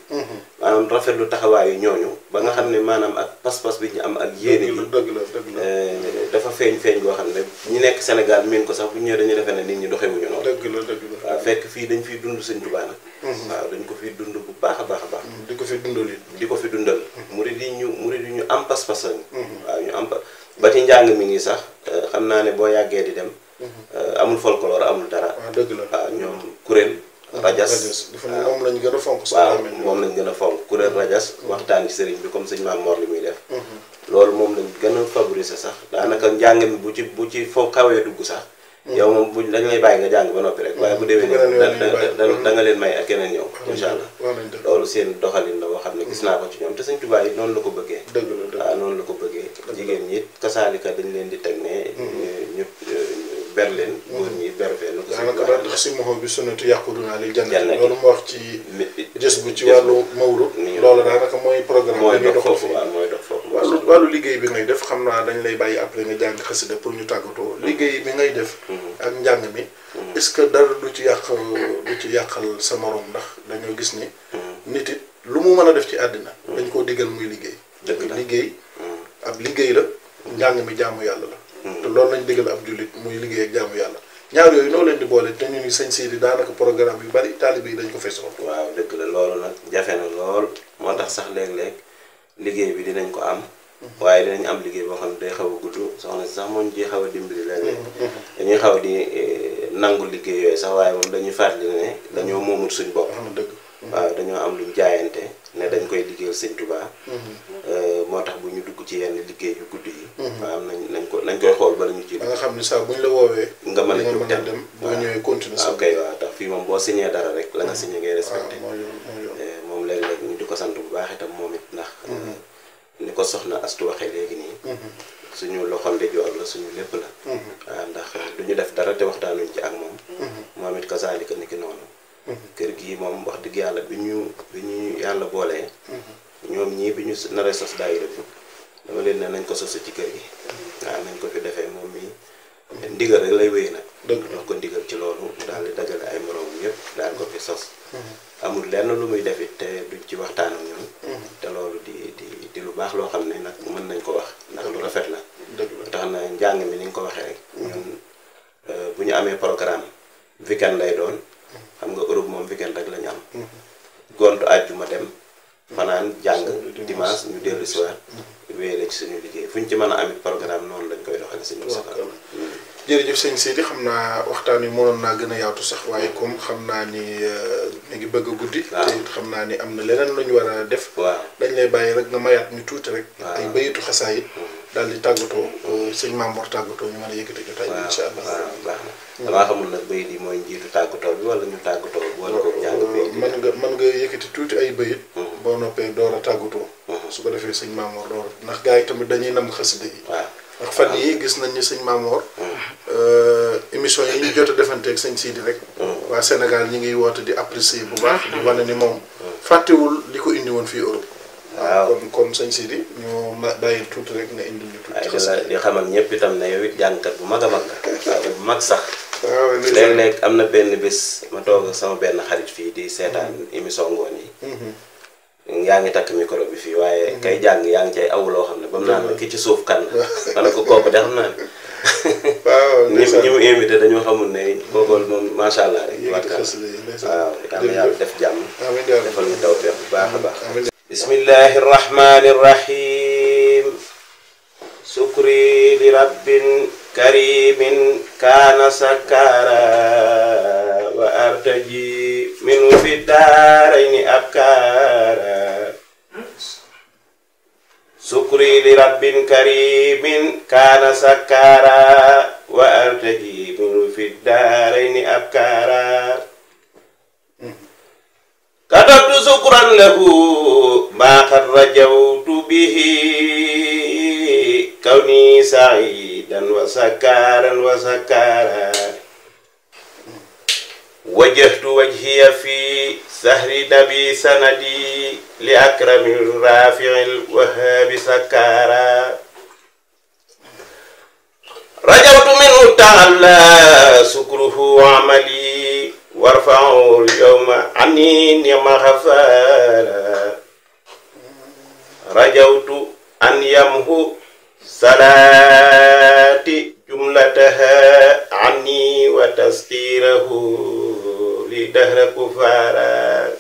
G: maanaam rafetlu taxawaayu ñooñu. ba nga xam ne maanaam ak pas-pas bi ñu am ak. yéene gi eh, dafa feeñ feeñ boo xam ne ñi nekk Sénégal miin ko sax bu ñëwee dañuy defee ne nit ñi doxewuñu noonu. dëgg la dëgg fekk fii dañ fiy dund Sëñ Tuubaa nag. Mhm. waaw dañ ko fiy dund bu baax a baax a baax. Mhm, di ko fi dundal it. di ko fi dundal. murid yi ñu murid yi ñu am pas-pas mhm. ñu am ba ci njàng mi ngi sax eh, xam naa ne boo yàggee di dem eh, amul folklore amul rajas moom lañ gën a fonk waaw moom lañ gën a fonk kuréel rajas mm-hmm. waxtaan ci sëriñ bi comme sëñ maam Mor li muy def mm-hmm. loolu moom lañ gën a favoriser sax daanaka njàng mi bu ci bu kawee dugg sax
F: mm-hmm. yow moom
G: buñ dañ lay bàyyi nga jàng ba noppi rek waaye bu déwee ne da nga leen may ak keneen ñëw incha allah loolu seen doxalin la boo xam ne gis naa ko ci ñoom te sëñ Tuubaa yi noonu la ko bëggee waaw noonu la ko bëggee jigéen ñi kasaalika dañ leen di teg daanaka daal ndax
D: si moxo bi sunnatu yàquduna lil jannati loolu ma wax ci ci wàllu mawlu loolu daanaka mooy mooy dox foofu mooy dox foofu wàllu wàllu liggéey bi ngay def xam naa dañ lay bàyyi après nga jàng xasida pour ñu tàggatoo mm-hmm. liggéey bi ngay def mm-hmm. ak njàng mi mm-hmm. est-ce que dara du ci yàq du ci yàqal sa morom ndax dañoo gis ni nit it lu mu mën a def ci àddina dañ koo diggal muy liggéey liggéey ab liggéey la njàng mi jàmm yàlla la te loolu lañ diggal ab jullit muy liggéey ak jaamu yàlla ñaar yooyu noo
G: leen di boole te ñu ni sëñ Sidi daanaka programme yu bari taalib yi dañ ko fesoon. waaw dëgg la loolu nag jafe na lool moo tax sax léeg-léeg liggéey bi dinañ ko am. Mm-hmm. waaye dinañ am liggéey boo xam ne day xaw a gudd soxna si ji xaw a dimbali léeg mm-hmm. dañuy xaw di eh, nangu liggéey yooyu sax waaye moom dañuy fàttali ne dañoo moomut suñ bopp. Ah, dëkk waaw dañoo am luñ jaayante ne dañ koy liggéeyal sëñ Touba. Mm-hmm. moo tax bu ñu dugg ci yenn liggéey yu guddi yi. waaw mm-hmm. nañ nañ ko nañ koy xool bala ñu ci. ba nga xam ne saa buñ la woowee. nga mën a jóg dem dem bu nga ñëwee continuer sa. Ah, tax fii moom boo signé dara rek la nga mm-hmm. signé ngay respecté. Ah, eh, moom léeg-léeg di ko sant bu baax tam moom it ndax. Eh, ni ko soxna Astu waxee léegi nii. suñu loxol di joor la suñu lépp la. waaw ah, ndax du ñu def dara te waxtaanuñ ci ak moom. moom it kasaalika ni ki noonu. kër gi moom wax dëgg yàlla bi ñu bi ñu yàlla boolee ñoom ñii bi ñu naree sos daayira bi dama leen ne nañ ko sosu ci kër gi waaw nañ ko fi defee moom mi ndigal rek lay wéy nag dëgg jox ko ndigal ci loolu daal di dajale ay moroom yëpp daal ko fi mm-hmm. amul lenn lu muy defit te duñ ci waxtaan mm-hmm. loolu di di di lu baax loo xam ne nag mën nañ ko wax ndax lu rafet la tax na njàng mi ni nga ko waxee rek ñun mm-hmm. euh, bu ñu amee programme weekend lay doon xam nga Europe moom weekend rek la ñu am. gontu àjjuma dem. fanaan jàng dimanche ñu dellu si waat. wéyale ci suñu liggéey fuñ ci mën a amit programme noonu lañ koy doxale suñu ñun sax. jërëjëf sëñ Seydi xam naa waxtaan wi
D: mënoon naa gën a yaatu sax waaye comme xam naa ni euh, mi ngi bëgg a guddi. te xam naa ni am na leneen lu ñu war a def. dañ lay bàyyi rek nga mayaat ñu tuuti rek. ay bayitu xasaayit mm. daal di tàggatoo. Euh, sëñ Mamour Mor tàggatoo ñu mën a yëkkati jotaay bi incha allah
G: damaa xamul nag di yi mooy njiitu tàggatoo bi wala ñu tàggatoo bi wala ko jàng bayit yi nga mën nga yëkkati tuuti ay
D: bayit boo noppee door a tàggatoo su ko defee sëñ Maamoor door ndax gars tamit dañuy nam xasida yi waaw fan yi gis nañ ni sëñ Maamoor émission yi ñu jot a Sidi rek Sénégal ñi ngi di apprécier bu baax hmm. di wane ni moom fàttewul li ko indi woon Europe kon kon Sidi ñu rek indi ñu
G: di la di xamal ñëpp itam ne yow it jàngkat bu mag a bu *laughs* mag sax léeg-léeg am na benn ma toog sama benn xarit fii di seetaan mm-hmm. émission ngoon yi. Mm-hmm. yaa ngi micro bi fii waaye mm-hmm. kay jàng yaa ngi cay aw loo xam naan ki ci suuf kan la *laughs* ko kooku *laughs* *laughs* mu invité xamul ne allah rek. def jam, defal ñu tawfeex bu baax baax. rahim. sukri li rabbin. كريم كان سكارا وأرتجي منه في الدارين أبكارا سكري لرب كريم كان سكارا وأرتجي منه في الدارين أبكارا كتبت سكرا له ما قد رجوت به كوني سعيدا وسكارا وسكارا وجهت وجهي في سهر نبي سندي لأكرم الرافع الوهاب سكارا رجوت منه تعالى سكره عملي وارفعه اليوم عني نعم غفارا رجوت أن يمهو الصلاة جملتها عني وتسكيره لدهر كفارا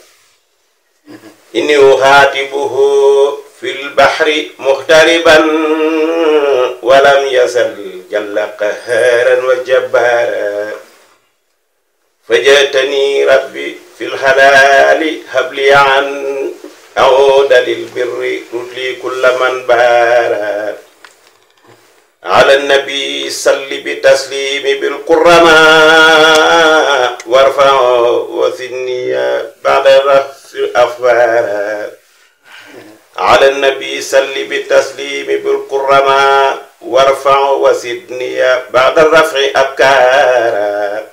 G: إني أخاطبه في البحر مغتربا ولم يزل جل قهارا وجبارا فجاتني ربي في الحلال هب لي عن أعود للبر رشدي كل من بارا على النبي صل بتسليم بالقرآن وارفع وثنيا بعد رأس الأفوار على النبي صل بتسليم بالقرآن وارفع وسدني بعد الرفع أبكارا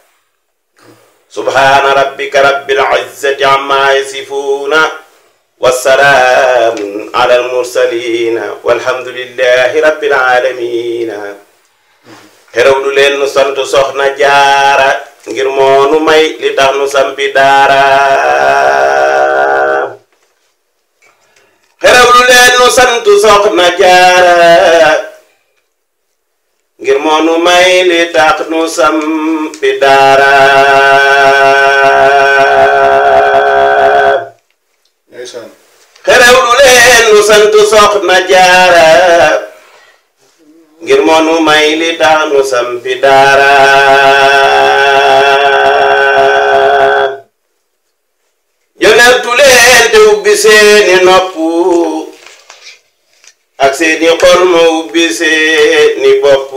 G: سبحان ربك رب العزة عما يصفون والسلام على المرسلين والحمد لله رب العالمين هرول لين سنت سخنا جارا غير مونو ماي لي تخنو سامبي دارا هرول لين سنت سخنا جارا غير ماي لي تخنو سامبي
D: xerewlu leen nu sant soxna jaara
G: ngir moonu may li nu sampi daara yonentu leen te ubbi seeni nopp ak seeni xol ma ubbi seeni bopp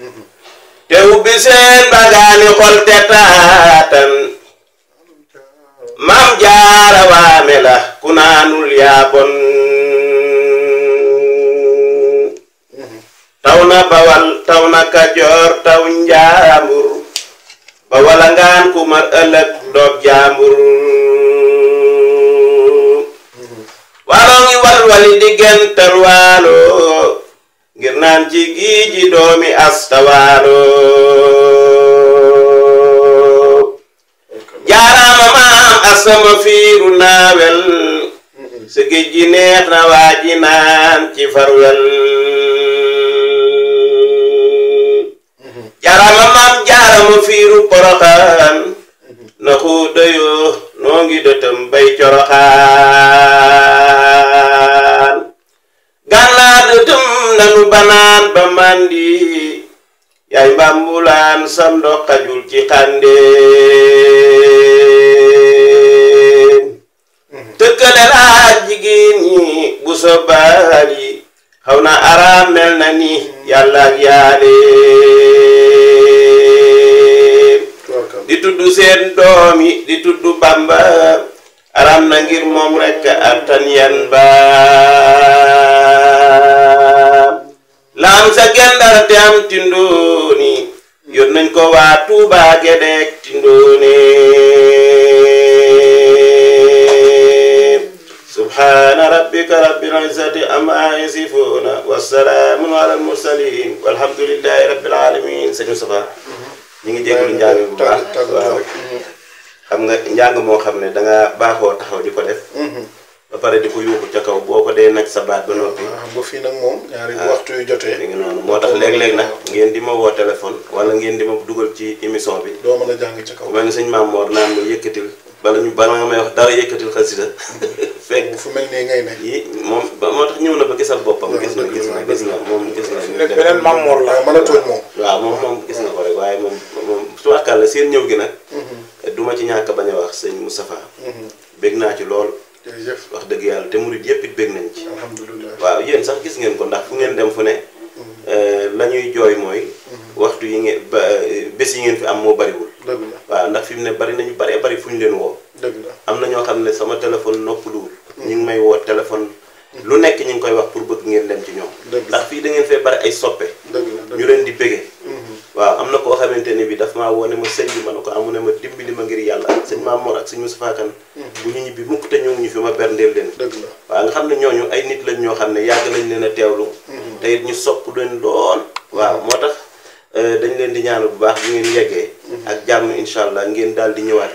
G: mm-hmm. te ubbi seen bagaani xol te taatan maam jaara waame ku naanul yaa bon na bawal taw na kajoor taw njaambur ba ngaan ku mar ëllëg doog jaambur waaloo ngi walwali diggantal waalo ngir naan ci ji doomi asta waalo jaaraama sama firu naawel mm-hmm. sa géej gi na waa ji naan ci farwel mm-hmm. jarama maam jaarama fiiru poroxaan mm-hmm. na xuu dayoo ngi bay coroxaan gànnaa dëtam nanu banan ba mandi yaay sam do kajul ci kande Mhm. tëkkaleel aar jigéen ñi bu sa baal yi xaw na araam mel na ni mhm. yàlla yaale di tudd seen di tudd bamba aram na ngir moom rekk attan yan ba laam sa gendar te am tindooni mhm. yót nañ ko waa Tuubaa gedek tindoone subhaana rabbika rabbil izzati ammaa yasifuuna wa salaamun alal mursaliin walhamdulillaahi rabbil ngi jégalu njàng bu baax nga njàng moo xam ne da nga baaxoo taxaw di ko def. Mhm. ba pare di ko yuuxu ca kaw boo dee nag sa baat ba noppi. Ah, ba fii nag moom ñaari ah. moo tax léeg-léeg nag ngeen di ma woo téléphone wala ngeen di ma dugal ci émission bi. doo mën a jàng ca kaw mel sëñ Maam naan ma yëkkatil. bala ñu bala nga may wax dara yëkkatil xasida *laughs* fekk fu mel ne ngay ne moom moo tax ñëw na ba gisal boppam gis na gis na gis na moom gis na beneen mamoor la mën a tooñ moom waaw moom moom gis na ko rek waaye moom moom tubaarkal la seen ñëw gi nag mm-hmm. duma ci ñàkk bañ a wax sëñ Moustapha mm-hmm. bég naa ci lool wax dëgg yàlla te murid yëpp it bég nañ ci alhamdulilah waaw yéen sax gis ngeen ko ndax fu ngeen dem fu ne Euh, la ñuy jooy mooy. waxtu yi ngeen ba bés yi ngeen fi am moo bariwul. waaw ndax fi mu ne bari nañu baree bari fu ñu leen woo. am na ñoo xam ne sama téléphone noppaluwul. Mm. ñu ngi may woo téléphone. Mm. lu nekk ñu ngi koy wax pour bëgg ngeen dem ci ñoom. ndax fii da ngeen fee bari ay soppe. ñu leen di bëggee. Mm-hmm. waaw am na koo xamante ne bi dafa ma woo ma sëñ bi ma ne ko amu ah, ne ma dimbali ma ngir yàlla sëñ Maam Mor ak sëñ Moustapha Kane mhm. bu ñu ñibbi mukk te ñëw ñu fi ma berndeel leen dëgg la waaw nga xam ne ñooñu ay nit lañ ñoo xam ne yàgg lañ leen a teewlu mhm. te ñu sopp leen lool waaw moo tax euh, dañ leen di ñaanal bu baax bu ngeen yeggee mhm. ak jàmm incha allah ngeen daal di ñëwaat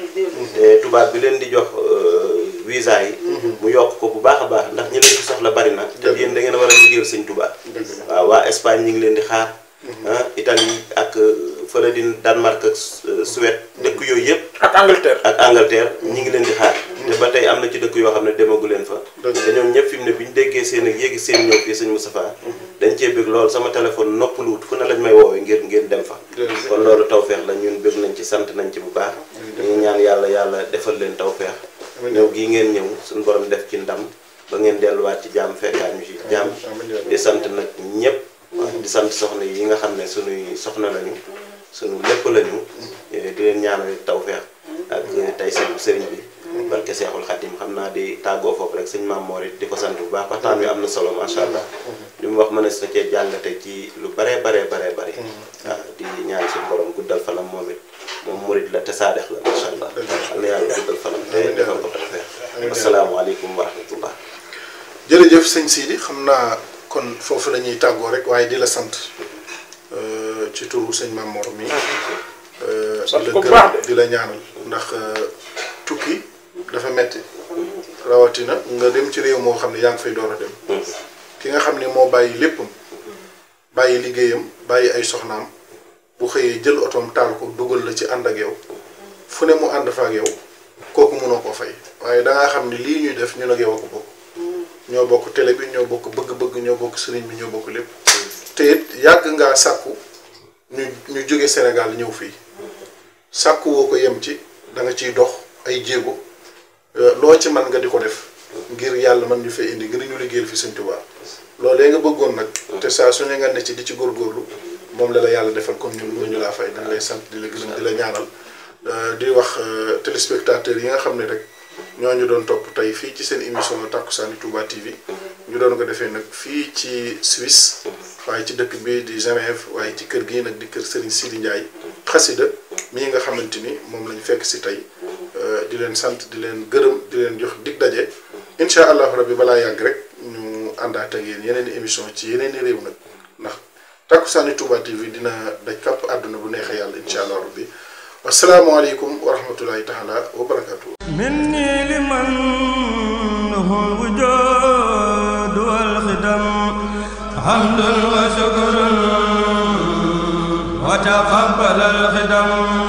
G: te tubaab bi leen di jox euh, visa yi mu yokk ko bu baax a baax ndax ñi leen di soxla bari nag te yéen da ngeen a war a liggéeyal sëñ tubaab waaw waa Espagne ñi ngi leen di xaar Ah, Italie ak euh, fële di Danemark ak euh, suwet dëkk yooyu yëpp. ak Angleterre ak Angleterre ñi ngi leen di xaar. te ba tey am na ci dëkk yoo xam ne demagu leen fa. te ñoom ñëpp fi mu ne bi ñu déggee seen ak yéegi seen ñoom fii sëñ Moustapha dañ cee bëgg lool sama téléphone noppalu wut ku ne lañ may woowee ngir ngeen dem fa. kon loolu tawfeex la ñun bëgg nañ ci sant nañ ci bu baax. ñu ñaan yàlla yàlla defal leen tawfeex. ñëw gii ngeen ñëw suñu borom def ci ndam ba ngeen delluwaat ci jàmm fekkaat ñu ci jàmm di sant nag ñëpp waaw di sant soxna yi nga xam ne sunuy soxna lañu. sunu lépp lañu. di leen ñaanal tawfeex. ak tey seen sëriñ bi. barke Seexul Xadim xam naa di tàggoo foofu rek sëñ Maam Mor di ko sant bu baax waxtaan wi am na solo macha allah. li mu wax man na cee jàngate ci lu bare bare bare bare. waaw di ñaan suñu borom guddal fanam moom it moom murit la te saadex la macha allah. am na yàlla guddal fanam te defal ko tawfeex. asalaamaaleykum wa rahmatullah. jërëjëf
D: sëñ Sidi xam naa. kon foofu la ñuy tàggoo rek waaye di la sant euh, ci turu sëñ Mame Mor mi euh, di la gërëm di la ñaanal ndax euh, tukki dafa metti rawatina nga dem ci réew moo xam ne yaa ngi fay door a dem ki nga xam ni moo bàyyi léppam bàyyi liggéeyam bàyyi ay soxnaam bu xëyee jël otoom taal ko dugal la ci ànd ak yow fu ne mu ànd fa ak yow kooku mënoo koo fay waaye dangaa xam ne lii ñuy def ñun ak yow ko ñoo bokk tele bi ñoo bokk bëgg-bëgg ñoo bokk sëriñ bi ñoo bokk lépp. te it yàgg ngaa sàkku ñu ñu jóge Sénégal ñëw fii sàkku woo ko yem ci danga ciy dox ay jéego euh, loo ci man nga di ko def ngir yàlla man ñu fay indi ngir ñu liggéeyal fi Sëriñ Tuubaa loolee nga bëggoon nag. te saa su ne nga ne ci di ci góorgóorlu moom la la yàlla defal comme ñun ñu laa fay dañ lay sant di la gërëm di la ñaanal euh, di wax euh, téléspectateur yi nga xam ne rek. ñoo ñu doon topp tey fii ci seen émission Takkusaani Touba TV mhm. ñu doon nga defee nag fii ci Suisse mhm. waaye ci dëkk bi di Genève waaye ci kër gi nag di kër Serigne Sidi Ndiaye mhm. xasida mii nga xamante ni moom lañ fekk si tey euh, di leen sant di leen gërëm di leen jox dig daje incha allahu rabbi balaa yàgg rek ñu àndaat ak yéen yeneen i émission ci yeneen i réew nag ndax Takkusaani Touba TV dina daj kàpp àdduna bu neexee yàlla incha allah rabbi والسلام عليكم ورحمة الله تعالى وبركاته
A: مني لمن هو الوجود والخدم حمد وشكر وتقبل الخدم